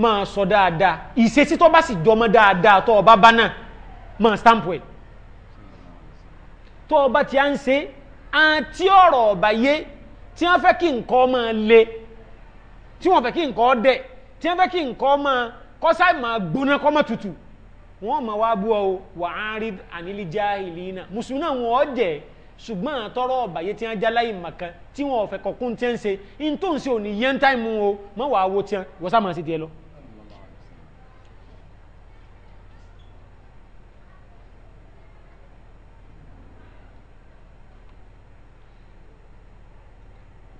máa sọ dáadáa ìṣesí tó bá sì jọmọ́ dáadáa tó ọba bá náà máa stampu ẹ̀ tó ọba ti à ń ṣe àti ọ̀rọ̀ ọba yé tí wọ́n fẹ́ kí nǹkan máa le tí wọ́n fẹ́ kí nǹkan dẹ̀ tí wọ́n fẹ́ kí nǹkan máa kọ́sá máa gbóná kọ́mọ́ tutù wọ́n máa wá bú ọ wà á rí ànílí jahilina mùsùlùmí náà wọ́n jẹ́ ṣùgbọ́n àtọ́rọ̀ ọ̀bàyé tí wọ́n já láì màkan tí wọ́n ọ̀fẹ́ kọ̀kún tí ń ṣe in tó ń ṣe òní yẹn táì mú o mọ́ wàá wo tí wọ́n sá máa ṣe tiẹ̀ lọ.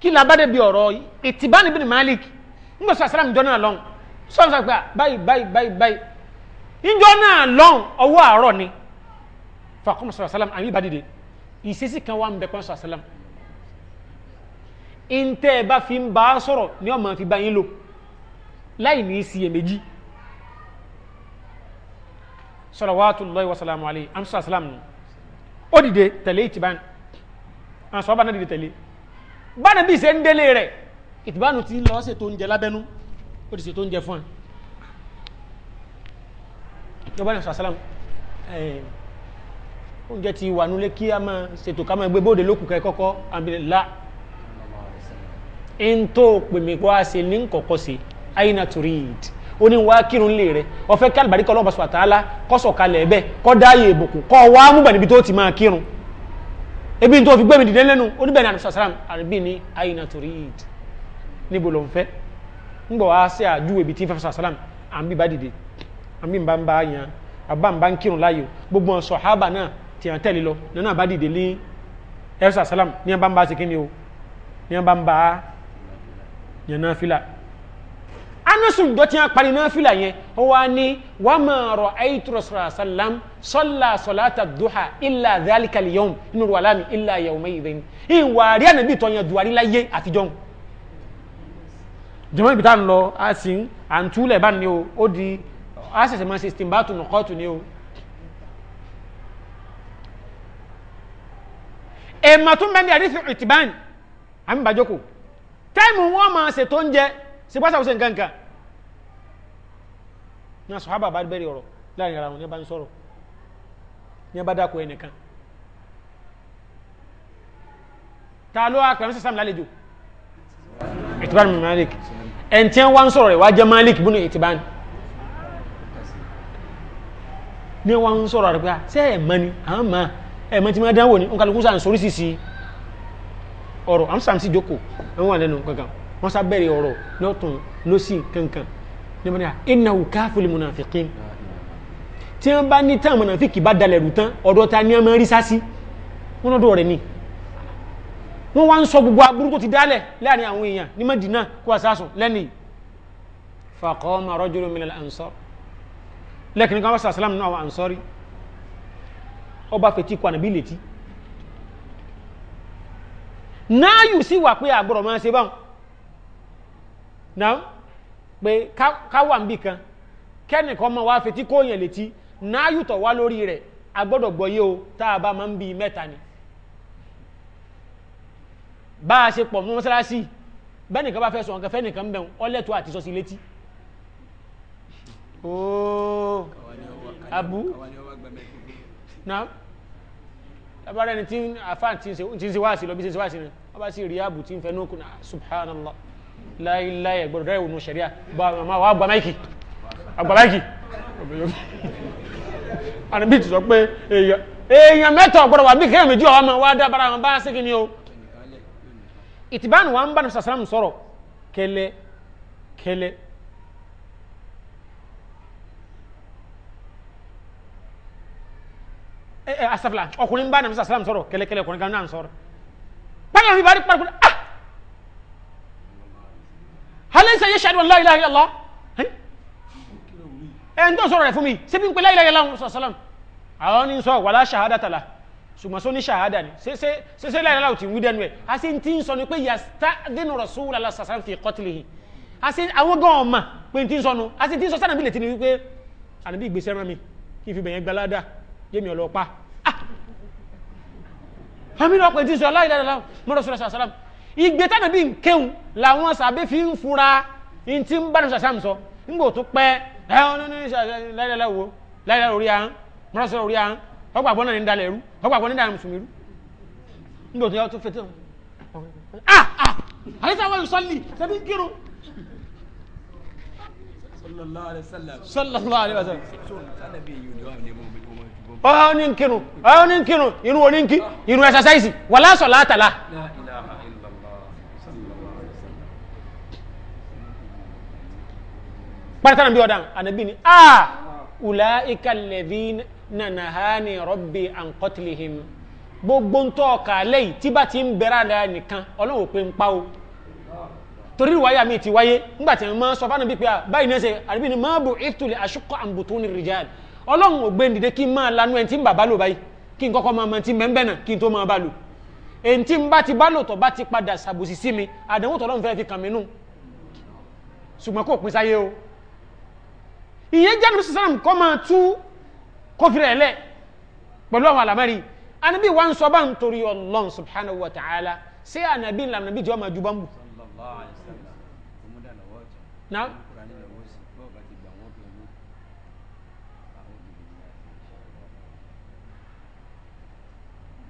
kí labade bi ọ̀rọ̀ ìtìbánibí ni Malik ń gbèsò àsálàmù jọ náà lọ́hùn sọ́nsàgbà báyìí báyìí báyìí báyìí ìjọ náà lọ́n ọwọ́ àárọ̀ ni fàkọ́mù sọ̀rọ̀ sálàm àmì ìbádìde ìṣesí kan wà ń bẹ̀kọ́ sọ̀rọ̀ sálàm ìntẹ́ ẹ bá fi ń bá sọ̀rọ̀ ni ọmọ fi bá yín lò láì ní í sí iyèméjì salawatullahi wa salamu alayhi amsa sálàm ni ó dìde tẹ̀lé ìtìbán àwọn sọ̀rọ̀ bá náà dìde tẹ̀lé bá ó ti ṣètò oúnjẹ fún ẹ yọba ní sàlám oúnjẹ ti wà nulẹ̀ kí a máa ṣètò ká máa gbé bóde lókù kẹ́ kọ́kọ́ àbílá ń tó pèmí kó a ṣe ní kọ̀kọ́ sí aina to read ó ní wá kírun lè rẹ ọ̀fẹ́ kí àlùbáríkà ọlọ́ọ̀bà sọ̀tàlá kọ́ sọ̀kalẹ̀ ẹ̀bẹ̀ kọ́ dáàyè ìbùkún kọ́ wá múgbà níbi tó ti máa kírun ebi tó fi gbẹ́mìdìdẹ́lẹ́nu oníbẹ̀rẹ̀ àdùsàsàràm àrùbí ní aina to read níbo ló ń fẹ́ ngbọ wa se a juwe bi ti fẹ sasalam an bi ba dìde an bi ba n ba yan a ba n ba n kirun láàyè gbogbo ọsọ haba náà tiyan tẹ̀lé lọ nana ba dìde ní ẹrù sasalam ní an ba n ba segin ni o ní an ba n ba yan náà fila anasun dọ tiyan pari náà fila yẹn o wa ni wa ma rọ ayitura sasalam sọla sọlata duha illa zalikali yawm inú wàlámi illa yawm mayi ìwà rí ànàbí tọ́ yan duwari àtijọ́ jọmọ ibi tá ń lọ a sì ń àǹtúlẹ̀ bá ní o ó di a ṣẹ̀ṣẹ̀ máa ṣe steam bátù nùkọ́tù ní o. èèmọ̀ tún bẹ́ẹ̀ ní àdísì ìtìbáyìn àmì bàjọ́kù táìmù wọn máa ṣètò oúnjẹ ṣe pásá òṣè nǹkan kan ní aṣọ hábà bá bẹ̀rẹ̀ ọ̀rọ̀ láàrin ara wọn ní bá ń sọ̀rọ̀ ní bá dákọ̀ ẹnìkan ta ló wá pẹ̀lú sísàmì lálejò ìtìbáyìn malik ẹ̀ntí wá ń sọ̀rọ̀ rẹ̀ malik búnú ìtìbáni ní wá ń sọ̀rọ̀ rẹ̀ pé ṣé ẹ̀mọ́ ni àwọn máa ẹ̀mọ́ tí máa dánwò ní nkàlùkù sáà ń sorí sí sí ọ̀rọ̀ àwọn sàm sí jókòó àwọn àlẹ́nu kankan wọ́n sá bẹ̀rẹ̀ ọ̀rọ̀ lọ́tún lọ́sì kankan ní wọ́n ní innahu kafil munafiqin tí wọ́n bá ní tán munafiki ni wọ́n máa rí sá ni wọ́n wá ń sọ gbogbo aburú tó ti dálẹ̀ láàrin àwọn èèyàn ní Madina kó àsásù lẹ́nìí faqama rajulun minal ansar lẹ́kìnní kan bá sàlám nínú àwọn ansọ́rí ọba fetí kọ ànàbí létí náà yù sí wà pé àgbọ̀rọ̀ máa ṣe báwọn náà pé káwà ń bì kan kẹ́nìkan máa wá fetí kóyàn létí náà yù tọ̀ wá lórí rẹ̀ agbọ́dọ̀ gbọ́yé o tá a bá máa ń bi mẹ́ta ni bá a ṣe pọ̀ nínú mọ́sálásí bẹ́nìkan bá fẹ́ sọ nǹkan fẹ́nìkan bẹ̀ ọlẹ́tọ̀ àti sọ sí létí abu náà lábára ẹni tí àfáà tí ń ṣe wáàsí lọ bí ṣe ṣe wáàsí ni wọ́n bá sì rí abu tí ń fẹ́ nókùn ah, subhanallah láìláì ẹ̀gbọ́n rẹ̀ wọnú ṣẹ̀ríà bá a máa wá gbàmáìkì àgbàmáìkì àníbí ti sọ pé èèyàn mẹ́tọ̀ gbọ́dọ̀ wà bí kéèyàn méjì ọ̀wá máa wá dábàrà wọn bá ṣé kí ni o ìtìbánu wa ń bá nàìjíríà sàlámù sọ̀rọ̀ kẹlẹ kẹlẹ. ẹ eh, ẹ eh, asafila ọkùnrin bá nàìjíríà sàlámù sọ̀rọ̀ kẹlẹ kẹlẹ ọkùnrin kan náà sọ̀rọ̀ pàtàkì mi bá rí pàtàkì ah hali sẹ yẹ sàdùn ọlọ ilaha illallah ẹ eh, n tó sọ̀rọ̀ rẹ fún mi ṣé bí n pè láyé ilaha illallah àwọn ní sọ wàlá shahada tala ṣùgbọ́n sọ ní ṣàhádà ni ṣeṣe láyé aláwọ̀ tí ń wí dẹnu ẹ̀ a sì ti ń sọ ni pé yasta'dhinu rasulullah sàṣán fi qatlihi a sì àwọn gan ọ̀ma pé ti ń sọ nu a sì ti ń sọ sànàbí lè ti ni wípé ànàbí ìgbésẹ̀ rán mi kí n fi bẹ̀yẹn gbalada yémi ọlọ́pàá ah! àmì náà pé ti ń sọ láyé aláwọ̀ mọ́ rasulullah sàṣán ìgbé tànàbí ń kéwù làwọn sàbẹ́ fi ń fura in ti ń bá ní sàṣán sọ ńgbò tó pẹ́ ẹ̀ ọ́n ní láyé aláwọ̀ láyé aláwọ̀ orí ahọ́n mọ́rọ́sọ̀rọ̀ orí ahọ́n ọgbàgbọ́ náà ní dalẹ̀ ẹrú ọgbàgbọ́ ní dalẹ̀ mùsùlùmí rú nígbà tó yà tó fẹ́tẹ̀ ah ah, ah! àyíṣà wọn sọlì ṣẹbi ń kírun. sallallahu alayhi wa sallam. ọ̀hún ní kírun ọ̀hún ní kírun irun wo ní kí irun ẹ̀sàsáìsì wàlá sọ̀lá àtàlà. pátánà bí ọ̀dà ànábì ni ah ulaika alladhina nanahani rọ́bì àǹkọ́tìlìhìm gbogbo ń tọ́ ọ̀kà lẹ́yìn tí bá ti ń bẹ̀rẹ̀ àdá nìkan ọlọ́run pé ń pa o torí ìwáyà mi ti wáyé nígbà tí wọ́n sọ fánà bí pé báyìí náà ṣe àríbí ni máa bò ìtùlẹ̀ àṣùkọ́ àǹbùtún ní rìjáàl ọlọ́run ò gbé ndìdé kí n máa lanu ẹni tí ń bàbá lò báyìí kí n kọ́kọ́ máa ti mẹ́ńbẹ́ náà kí n tó máa bá lò èyí tí ń bá ti bá lò tó bá ti padà ṣàbòsí sí mi àdánwò tọ́lọ́run fẹ́ fi kàn mí nù ṣùgbọ́n kò pín sáyé o ìyẹn jẹ́ kófìrẹ̀ ẹ̀lẹ́ pẹ̀lú àwọn àlàmárì anabi wa ń sọ bá ń torí ọlọ́n subhanahu wa ta'ala ṣé anabi ńlá anabi jẹ́ ọmọ ju bá ń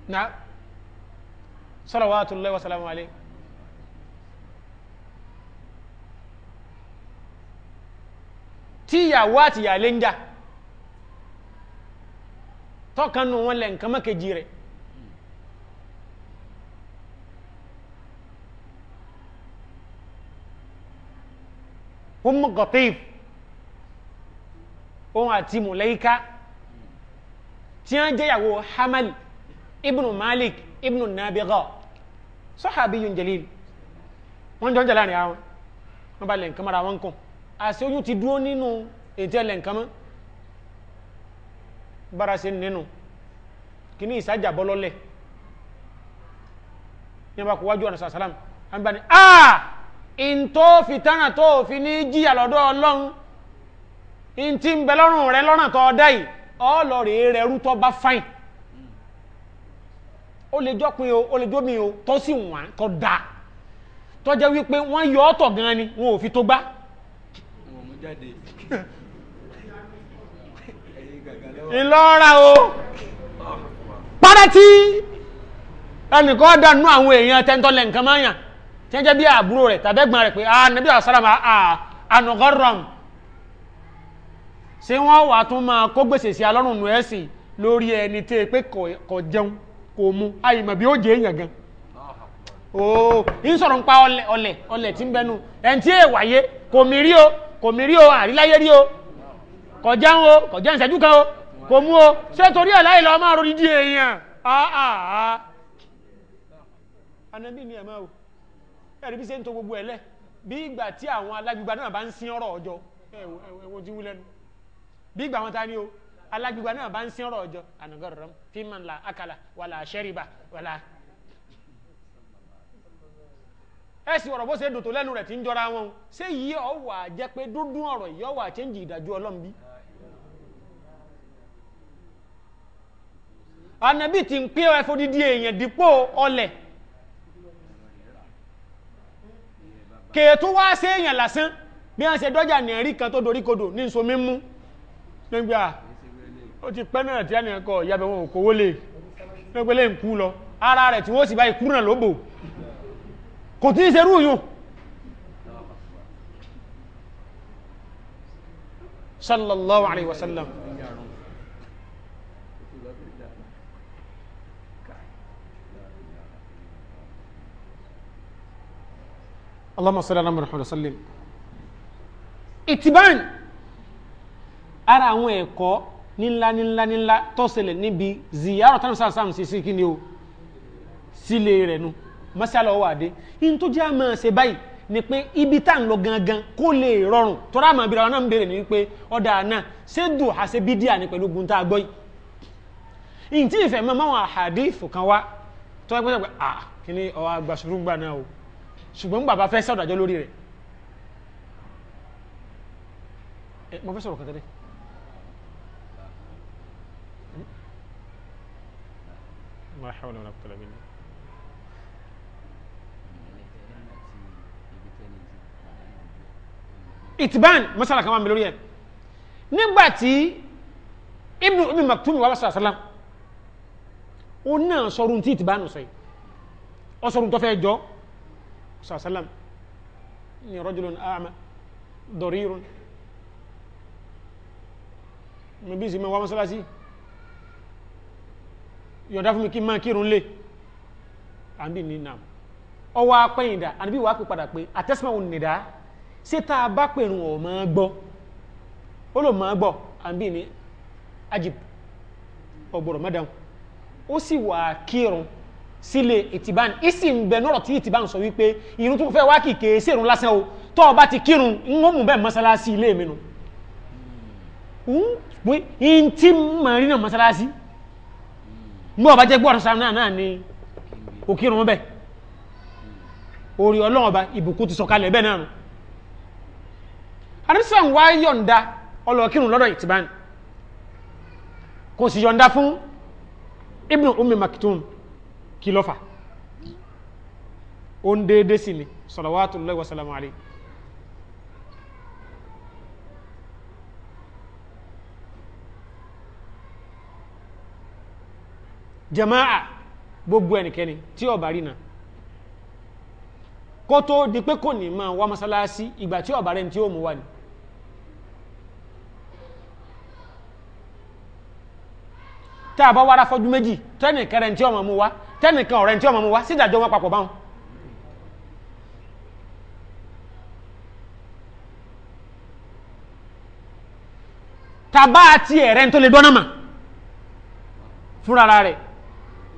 na salawatullahi wa salamu alayhi tí ìyàwó àti ìyàlé ń jà tọ́kan nù wọn lẹ̀ nǹkan mọ́kejì rẹ̀ Umm Gatif òun àti Mulaika tí wọ́n jẹ́yàwó Hamal ibn Malik ibn Nabigha sahabiyun jalil wọ́n jọ ń jà láàrin àwọn wọ́n bá lẹ̀ nǹkan mọ́ra wọn kàn àṣẹ oyún ti dúró nínú ètò ẹlẹ̀ mọ́ bára ṣe nínú kí ní ìsájà bọ́ lọ́lẹ̀ ní ọba kò wájú ọ̀nà sàlám an bá ní ah in tó fi tánà tó fi ní jíyà lọ́dọ̀ ọlọ́run in ti ń bẹ lọ́rùn rẹ lọ́nà tó ọdá yìí ọlọ́rẹ̀ rẹ rú tó bá fáìn ó lè jọ́pin o ó lè jómi o tó sì wọ́n tó da tó jẹ́ wípé wọ́n yọ ọ́tọ̀ gan ni wọn ò fi tó gbá (laughs) ìlọ́ra o párátí ẹnìkan dànú àwọn èèyàn tẹ́ntọ́lẹ̀ nǹkan máa yàn tí wọ́n jẹ́ bí àbúrò rẹ̀ tàbẹ́gbọ̀n rẹ̀ pé a nàbí àsálàmà ànàgọ́rọ̀m ṣé wọ́n wà tún máa kó gbèsè sí alọ́rùn nù ẹ̀sìn lórí ẹni tí pé kò jẹun kò mu àyìnbó bí ó jẹ èèyàn gan ooo ń sọ̀rọ̀ ń pa ọlẹ̀ ọlẹ̀ ọlẹ̀ tí ń bẹnu ẹni tí èèwàyé kò mí rí o kò mí rí o àríláyé rí o kọjá ń o kọjá ìṣẹ́jú kan o kò mú o ṣé torí ẹ̀ láì lọ máa ro dídí èèyàn àà anabi ni ẹ̀ o ẹ̀rí bí ṣe ń to gbogbo ẹ̀ lẹ̀ bí ìgbà tí àwọn alágbègbè náà bá ń sin ọ̀rọ̀ ọjọ́ ẹ̀wọ̀n ti wú lẹ́nu bí ìgbà wọn ta ni o alágbègbè náà bá ń sin ọ̀rọ̀ ọjọ́ ànàgọ́rọ̀ fíìmàn la akala wàlà àṣẹ́ríbà wàlà ẹ sì ọ̀rọ̀ bó ṣe dòtò lẹ́nu rẹ̀ ti ń jọra wọn ṣé yìí ọ̀wà jẹ́ pé dúdú ọ̀rọ̀ yìí ọ̀wà chẹ́ǹjì ìdájọ́ ọlọ́mbi. anabi ti ń pé ẹfọ dídí èèyàn dípò ọlẹ̀ kèétú wá sí èèyàn lásán bí wọ́n ṣe dọ́jà ní ẹ̀rí kan tó dorí kodò ní nsomi mú nígbà ó ti pẹ́ náà tí a nìyàn kọ ìyàbẹ̀ wọn kò wọlé nígbà lè ń kú lọ ara rẹ̀ tí wọ́n sì bá ikú náà lóbò kò tí ń ṣerú yùn sallallahu alaihi wasallam اللهم صل على محمد وسلم ìtìbáyìn ara àwọn ẹ̀kọ́ nílá nílá nílá tó ṣẹlẹ̀ níbi ziyarọ̀ tánà sáà sáà sí kí ni o sílé rẹ̀ nu mọ́sálà ọwọ́ àdé in tó jẹ́ àmọ́ ṣe báyìí ni pé ibi tá à ń lọ gangan kó lè rọrùn tó ráàmà bí ara náà ń béèrè ni wípé ọ̀dà náà ṣé dùn àṣẹ bídíà ni pẹ̀lú gun tá a gbọ́ yìí ìyìn tí ìfẹ́ mọ́ máwọn àhàdí ìfòkan tó wá pẹ́ sọ pé ah kí ni ọ̀ àgbàṣọ́rùgbà náà o ṣùgbọ́n bàbá fẹ́ sọ̀dájọ́ lórí rẹ̀ mo fẹ́ sọ̀rọ̀ kan tẹ́lẹ̀ ma hawla wala quwwata illa ìtìbán mọ́sálà kan wà mí lórí ẹ̀ nígbàtí ibnu umi maktumi wa sallallahu alaihi wasallam ó náà sọrun tí ìtìbán sọ yìí ọ sọrun tó fẹ́ صلى الله عليه وسلم إني رجل أعمى ضرير mi bí sí mẹ́wàá mọ́sálásí yọ̀dá fún mi kí máa kírun lé àbí ní nàm ọwọ́ apẹ́yìndà àbí wàá pè padà pé àtẹ́sìmọ̀ òun nìdá ṣé tá a bá pèrún ọ̀ máa gbọ́ ó lò máa gbọ́ àbí ní ajib ọ̀gbọ̀rọ̀ mẹ́dàn ó sì wà kírun sílé ìtìbáni ìsì ń bẹ nọ́rọ̀ tí ìtìbáni sọ wípé irun tó fẹ́ wá kì kèé lásán o tó ọba ti kírun ń ó mú bẹ́ẹ̀ mọ́sálásí ilé mi nu ń tí mà rí náà mọ́sálásí mú ọba jẹ́ gbọ́dọ̀ sáà náà náà ni òkírun bẹ́ẹ̀ orí ọlọ́run ọba ìbùkún ti sọ̀kalẹ̀ bẹ́ẹ̀ náà nù àdìsàn wá yọ̀ǹda ọlọ́kírun lọ́dọ̀ ìtìbáni kò sì yọ̀ǹda fún ibnu umi maktum kí ló fà ó ń déédé sí ni salawatullahi wa salamu alayhi jama'a gbogbo ẹnikẹ́ni tí ó bá rí náà kó tó di pé kò ní máa wá masalasi ìgbà tí ọ̀bà rẹ̀ tí ó mú wá ní tá a bá wára fọ́jú méjì tẹ́nì kẹrẹ tí ọmọ mú wá tẹ́nìkan ọ̀rẹ́ tí ọmọ mu wá sídàjọ́ wọn papọ̀ báwọn tàbá àti ẹ̀rẹ́ tó lè dọ́nàmà fúnra rẹ̀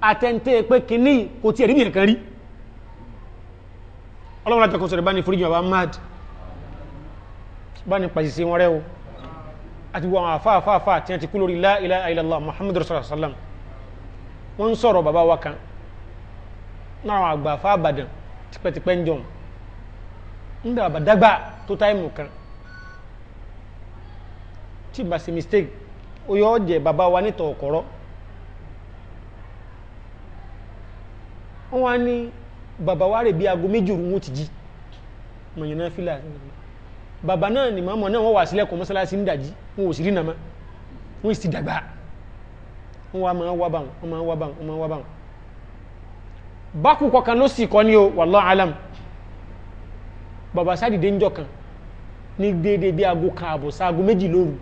àtẹ̀ntẹ́ pé kìíní kò tí ẹ̀rí nìkan rí ọlọ́run àtẹ̀kùn sọ̀rọ̀ bá ní foríjì bàbá mad bá ní pàṣẹsẹ wọn rẹ àti wọn àfáàfáàfáà tí wọn ti kú lórí la ilaha illallah muhammadu rasulullah sallam wọn ń sọ̀rọ̀ bàbá wa kan láwọn àgbà fá àbàdàn tipẹ́tipẹ́ ń jọun nígbà àbàdágbà tó táìmù kan tí bá ṣe mistake ó yọ jẹ bàbá wa nítọ̀ ọ̀kọ̀rọ̀ wọ́n wá ní bàbá wa rè bí aago méjì òru wọn ti jí mọ̀nyìnà fílà bàbá náà ni màmá náà wọ́n wà sílẹ̀kùn mọ́sálásí ń dàjí wọn ò sì rí nàmá wọ́n sì ti dàgbà wọ́n wá máa wá bá wọn wọ́n máa wá bá wọn wọ́n máa wá bá wọn bákù kọkan ló sì kọ́ ní o wallahu alam bàbá sádìdé ń jọ kan ní dédé bí aago kan àbọ̀ sáago méjì lóru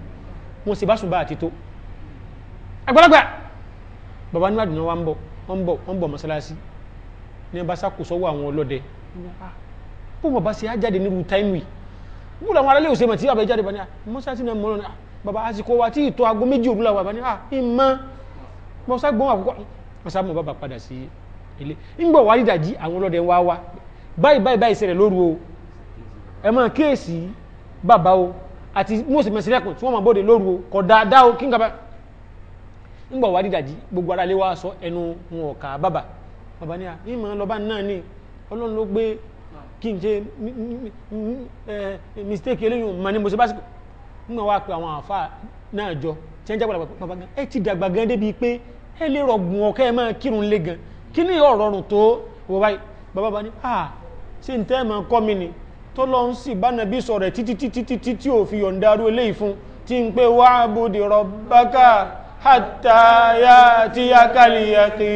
wọn sì bá sùn bá àti tó àgbàlagbà bàbá níwájú náà wà ń bọ̀ wọ́n ń bọ̀ wọ́n ń bọ̀ mọ́sálásí ní bá sá kò sọ́wọ́ àwọn ọlọ́dẹ ah! bó bàbá sì á jáde nírú táìmì bó làwọn aráàlú òsèmọ̀ tí bàbá jáde bá ní ah! mọ́sálásí náà mọ́rọ̀ náà ah! bàbá àsìkò wa tí ìtọ́ aago méjì òru làwọn bàbá ìmọ̀ mọ́sá gbọ́n àkókò mọ́sá mọ́ bàbá padà sí ilé ńgbọ̀ wá dídàjí àwọn ọlọ́dẹ wá wá báyìí báyìí báyìí ṣẹlẹ̀ lóru o ẹ máa kíyèsí bàbá o àti mọ́ọ̀sì mẹ́sìlẹ́kùn tí wọ́n máa bóde lóru o kọ̀ dáadáa o kí n kaba ńgbọ̀ wá dídàjí gbogbo ara lé wá sọ ẹnu wọn ọ̀ka bàbá bàbá ni, à ní màá lọ bá náà ní ọlọ́run ló gbé kí n ṣe mistake eléyìí mà ní mo ṣe básìkò ńgbọ̀ wá pé àwọn àfa náà jọ tí wọ́n jágbàlagbà bàbá gan ẹ ti dàgbà gan débi pé ẹ lè rọ̀gùn ọ̀kẹ́ ẹ máa kírun lé gan kí ni ọ̀rọ̀ rùn tó wọ báyìí bàbá bá ní à sí ń tẹ́ẹ̀mọ̀ kọ́ ni tó lọ ń sì bá nàbí sọ̀rọ̀ ẹ̀ títí títí títí tí ò fi yọ̀ǹda arú eléyìí fún tí ń pé wá àbòdì rọ̀bákà àtàyà tí a kàlì yàtì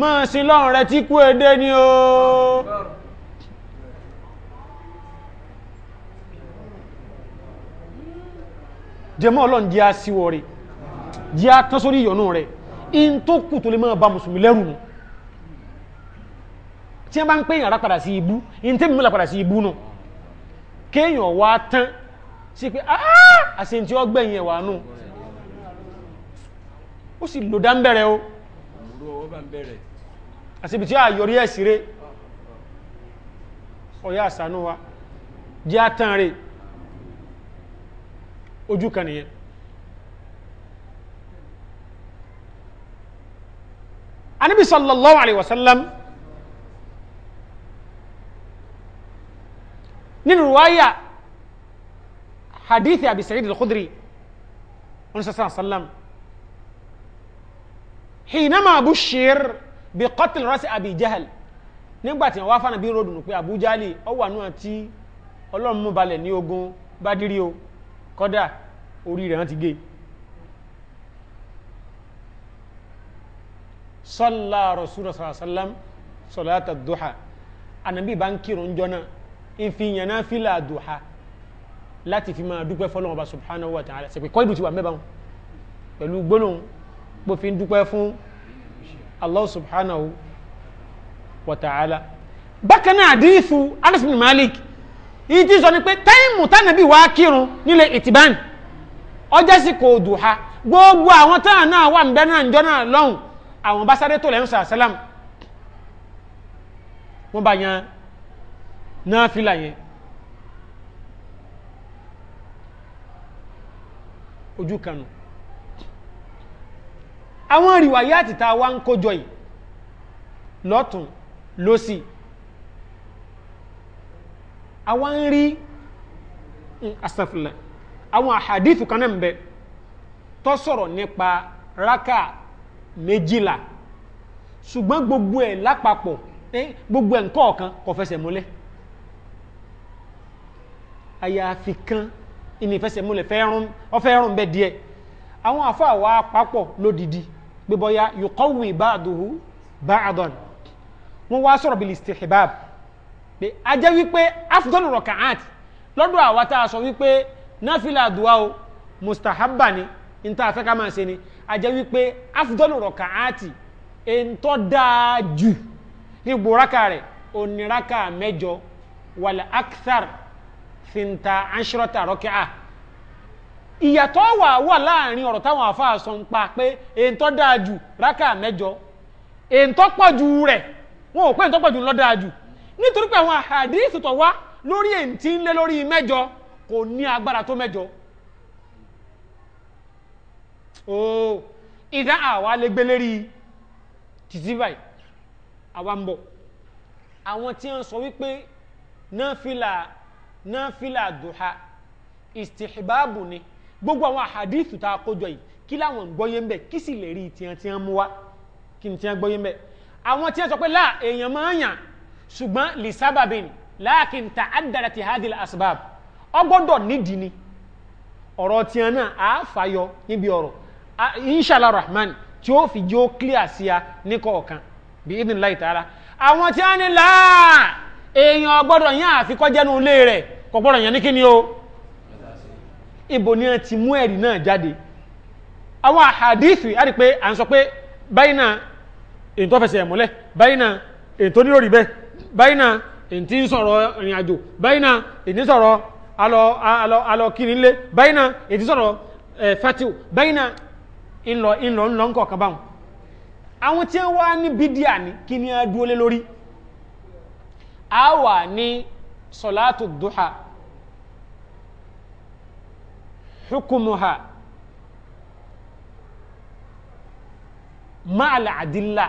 mọ́ sí lọ́rùn rẹ̀ tí kú èdè ni o jẹmọ́ ọlọ́run jẹ́ àsíwọ̀ rẹ̀ jẹ́ àtọ́sórí ìyọ̀nù rẹ̀ in tó kù tó lè máa ba mùsùlùmí lẹ́rù mu tí wọ́n bá ń pè yàrá padà sí ibú in tẹ́mi mọ́lá padà sí ibú nù kéèyàn wá tán sí pé ah, ah, àṣẹntí ọgbẹ̀yìn ẹ̀wà nù ó sì lò dá ń bẹ̀rẹ̀ o àṣẹbí tí a yọrí ẹ̀ sí re ọ̀yá àṣánú wa jẹ́ àtàn rẹ̀ ojú kan nìyẹn anabi sallallahu alayhi wa sallam nínú ruwaya hadithi abi sa'id al-khudri wọn sọ sallallahu sallam hinama bushir bi qatl rasi abi jahal nígbàtí wọn wá fana bí ròdùn pé abu jali ó wà nù àti ọlọ́run mú balẹ̀ ogun bá o kọ́dà orí rẹ̀ wọn ti gé sọlá rasulillah sallallahu alaihi wa sallam sọláta duha anabi bá ń kírun jọ́nà ìfihàn náà fìlà duha láti fi máa dúpẹ́ fọlọ́n ọba subhanahu wa ta'ala sẹ́pẹ́ kọ́ ìdùtí wà mẹ́bàá pẹ̀lú gbónú bó fi ń dúpẹ́ fún allah subhanahu wa ta'ala bákan náà àdìsù anas bin malik yìí ti sọ ni pé táìmù tánàbí wàá kírun nílé ìtìbáni ọjọ́ duha gbogbo àwọn táwọn náà wà ń bẹ́ náà ń àwọn bá sáré tó lẹ́nu sàásálàm wọ́n bá yan náà fìlà yẹn ojú kanu àwọn ìrìwàyé àtìta wa ń kójọ yìí lọ́tún lọ́sì àwọn ń rí hmm, asafilẹ̀ àwọn àhàdìtù kan ń bẹ tó sọ̀rọ̀ nípa rákà méjìlá ṣùgbọ́n gbogbo ẹ̀ lápapọ̀ gbogbo ẹ̀ nǹkan ọ̀kan kò fẹsẹ̀ múlẹ̀ àyàfi kan ìní ìfẹsẹ̀ múlẹ̀ ọfẹ́ rún bẹ́ díẹ̀ àwọn àfáà wá papọ̀ lódìdí gbébọ́yá yùkọ́wì báàdùhù báàdùn wọ́n wá sọ̀rọ̀ bìlì istihbab pé a jẹ́ wípé afdọ́nù rọ̀kà áàtì lọ́dọ̀ àwátá sọ wípé náfìlà àdúwá o mustahabba ni níta afẹ́ ká máa ṣe ni a jẹ́ wípé afdọ́lù rọ̀kà áàtì èntọ́ dáa jù ní gbòrákà rẹ̀ oníraka mẹ́jọ wàlẹ̀ akthar thinta ashrata rọ́kà ìyàtọ̀ wà wà láàrin ọ̀rọ̀ táwọn àfáà sọ ń pa pé èntọ́ dáa jù rákà mẹ́jọ èntọ́ pọ̀ jù rẹ̀ wọn ò pé èntọ́ pọ̀ jù lọ́ dáa jù nítorí pé àwọn àhàdí wá lórí èntí ń lé lórí mẹ́jọ kò ní agbára tó mẹ́jọ ooo ìdá àwa lè gbé lérí títí báyìí àwa ń bọ̀ àwọn tí wọ́n sọ wípé náfìlà náfìlà duha istihbabu ni gbogbo àwọn àhàdíìsù tá a kójọ yìí kí láwọn gbọ́yé ń bẹ̀ kí sì lè rí tiẹ̀ tiẹ̀ mú wá kí n tiẹ̀ gbọ́yé ń bẹ̀ àwọn tiẹ̀ sọ pé láà èèyàn máa ń yàn ṣùgbọ́n lè sábàbí ni láàkín ta àdàrà ti hádìlà asbab ọgbọ́dọ̀ nídìí ni ọ̀rọ̀ tiẹ̀ náà àáfàyọ níbi ọ̀rọ̀ inṣàlá rahman tí ó fi jó clear sí a ní kọ̀ọ̀kan bí idin láì tààrà àwọn tí a ní láà èèyàn gbọ́dọ̀ yán àfikọ́ jẹ́nu ilé rẹ̀ kọ̀gbọ́dọ̀ yán ní kí ni o ibo ni a ti mú ẹ̀rí náà jáde àwọn àhàdíìsì a rí pé à ń sọ pé báyìí náà èyí tó fẹsẹ̀ mọ́lẹ̀ báyìí náà èyí tó nírò rí bẹ́ẹ̀ báyìí náà èyí tí ń sọ̀rọ̀ ìrìn àjò báyìí náà èyí tí ń sọ̀rọ̀ alọ alọ alọ kiri nílé báyìí náà èyí tí ń sọ̀rọ̀ eh, fatiu báyìí náà ńlọ ńlọ ńlọ ńkọ̀ kan báwọn àwọn tí wá ní bídíà ní kí ni a dúó lé lórí a wà ní sọ̀látù duha hukumuha máàlá àdílà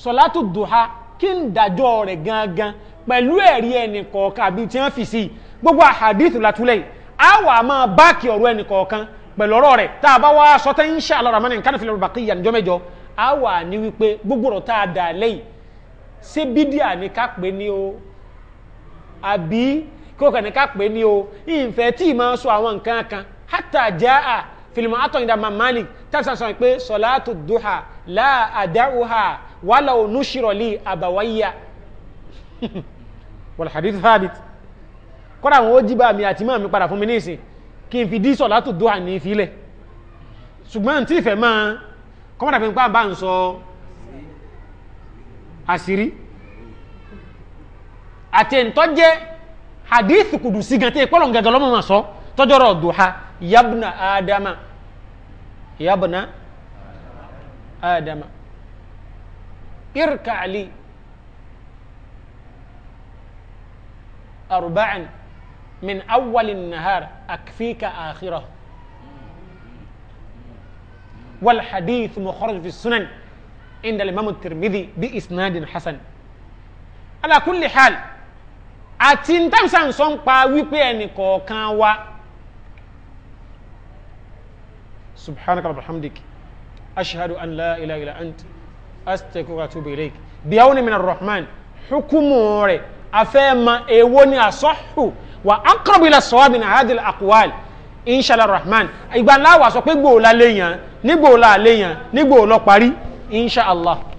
sọ̀látù duha kí ń dájọ́ rẹ̀ gangan pẹ̀lú ẹ̀rí ẹnì kọ̀ọ̀kan àbí tí wọ́n fi sí gbogbo àhàdíìtì látúlẹ̀ a wà máa báàkì ọ̀rọ̀ ẹnì kọ̀ọ̀kan pẹ̀lú ọ̀rọ̀ rẹ̀ tá a bá wá sọ tẹ́ insha Allah ramani nǹkan fìlẹ̀ rọ̀bà kíyà níjọ́ mẹ́jọ a wà ní wípé gbogbo ọ̀rọ̀ tá a dà lẹ́yìn ṣé bídíà ni ká pè ní o àbí kí o kàn ní ká pè ní o ìfẹ́ tí ì máa sọ àwọn nǹkan kan hátà já a fìlìmọ̀ àtọ̀yìndà mamali tàbí sàn pé sọ̀látù duha láà àdáhùhà wàlà onúṣirọ̀lì àbàwáyà wal hadith thabit kọ́ra àwọn ó bá mi àti máa mi padà fún mi ní ìsìn kí n fi dí sọ̀ látò dúà ní ìfilẹ̀ ṣùgbọ́n tí ìfẹ́ máa kọ́mọ̀dà fi ń pàbá ń sọ àṣírí àti ẹ̀ntọ́ jẹ́ hadith kudusi gan tí ìpọ́lọ̀ gẹ̀gẹ̀ lọ́mọ máa sọ tọ́jọ́rọ̀ dùhà من أول النهار أكفيك آخره والحديث مخرج في السنن عند الإمام الترمذي بإسناد حسن على كل حال àti ń tàbí sàǹsọ́ ń pa wípé ẹnì kọ̀ọ̀kan wa subhanaka wa bihamdik ashhadu an la ilaha illa ant astaghfiruka wa atubu ilayk bi awni min ar-rahman hukumu rẹ̀ afẹ́ ma èwo ni asọ́hù wa aqrabu ila sawabi min hadhihi al-aqwal inshallah rahman ìgbà ńlá wà sọ pé gbòòlà léèyàn nígbòòlà léèyàn nígbòòlọ parí inshallah.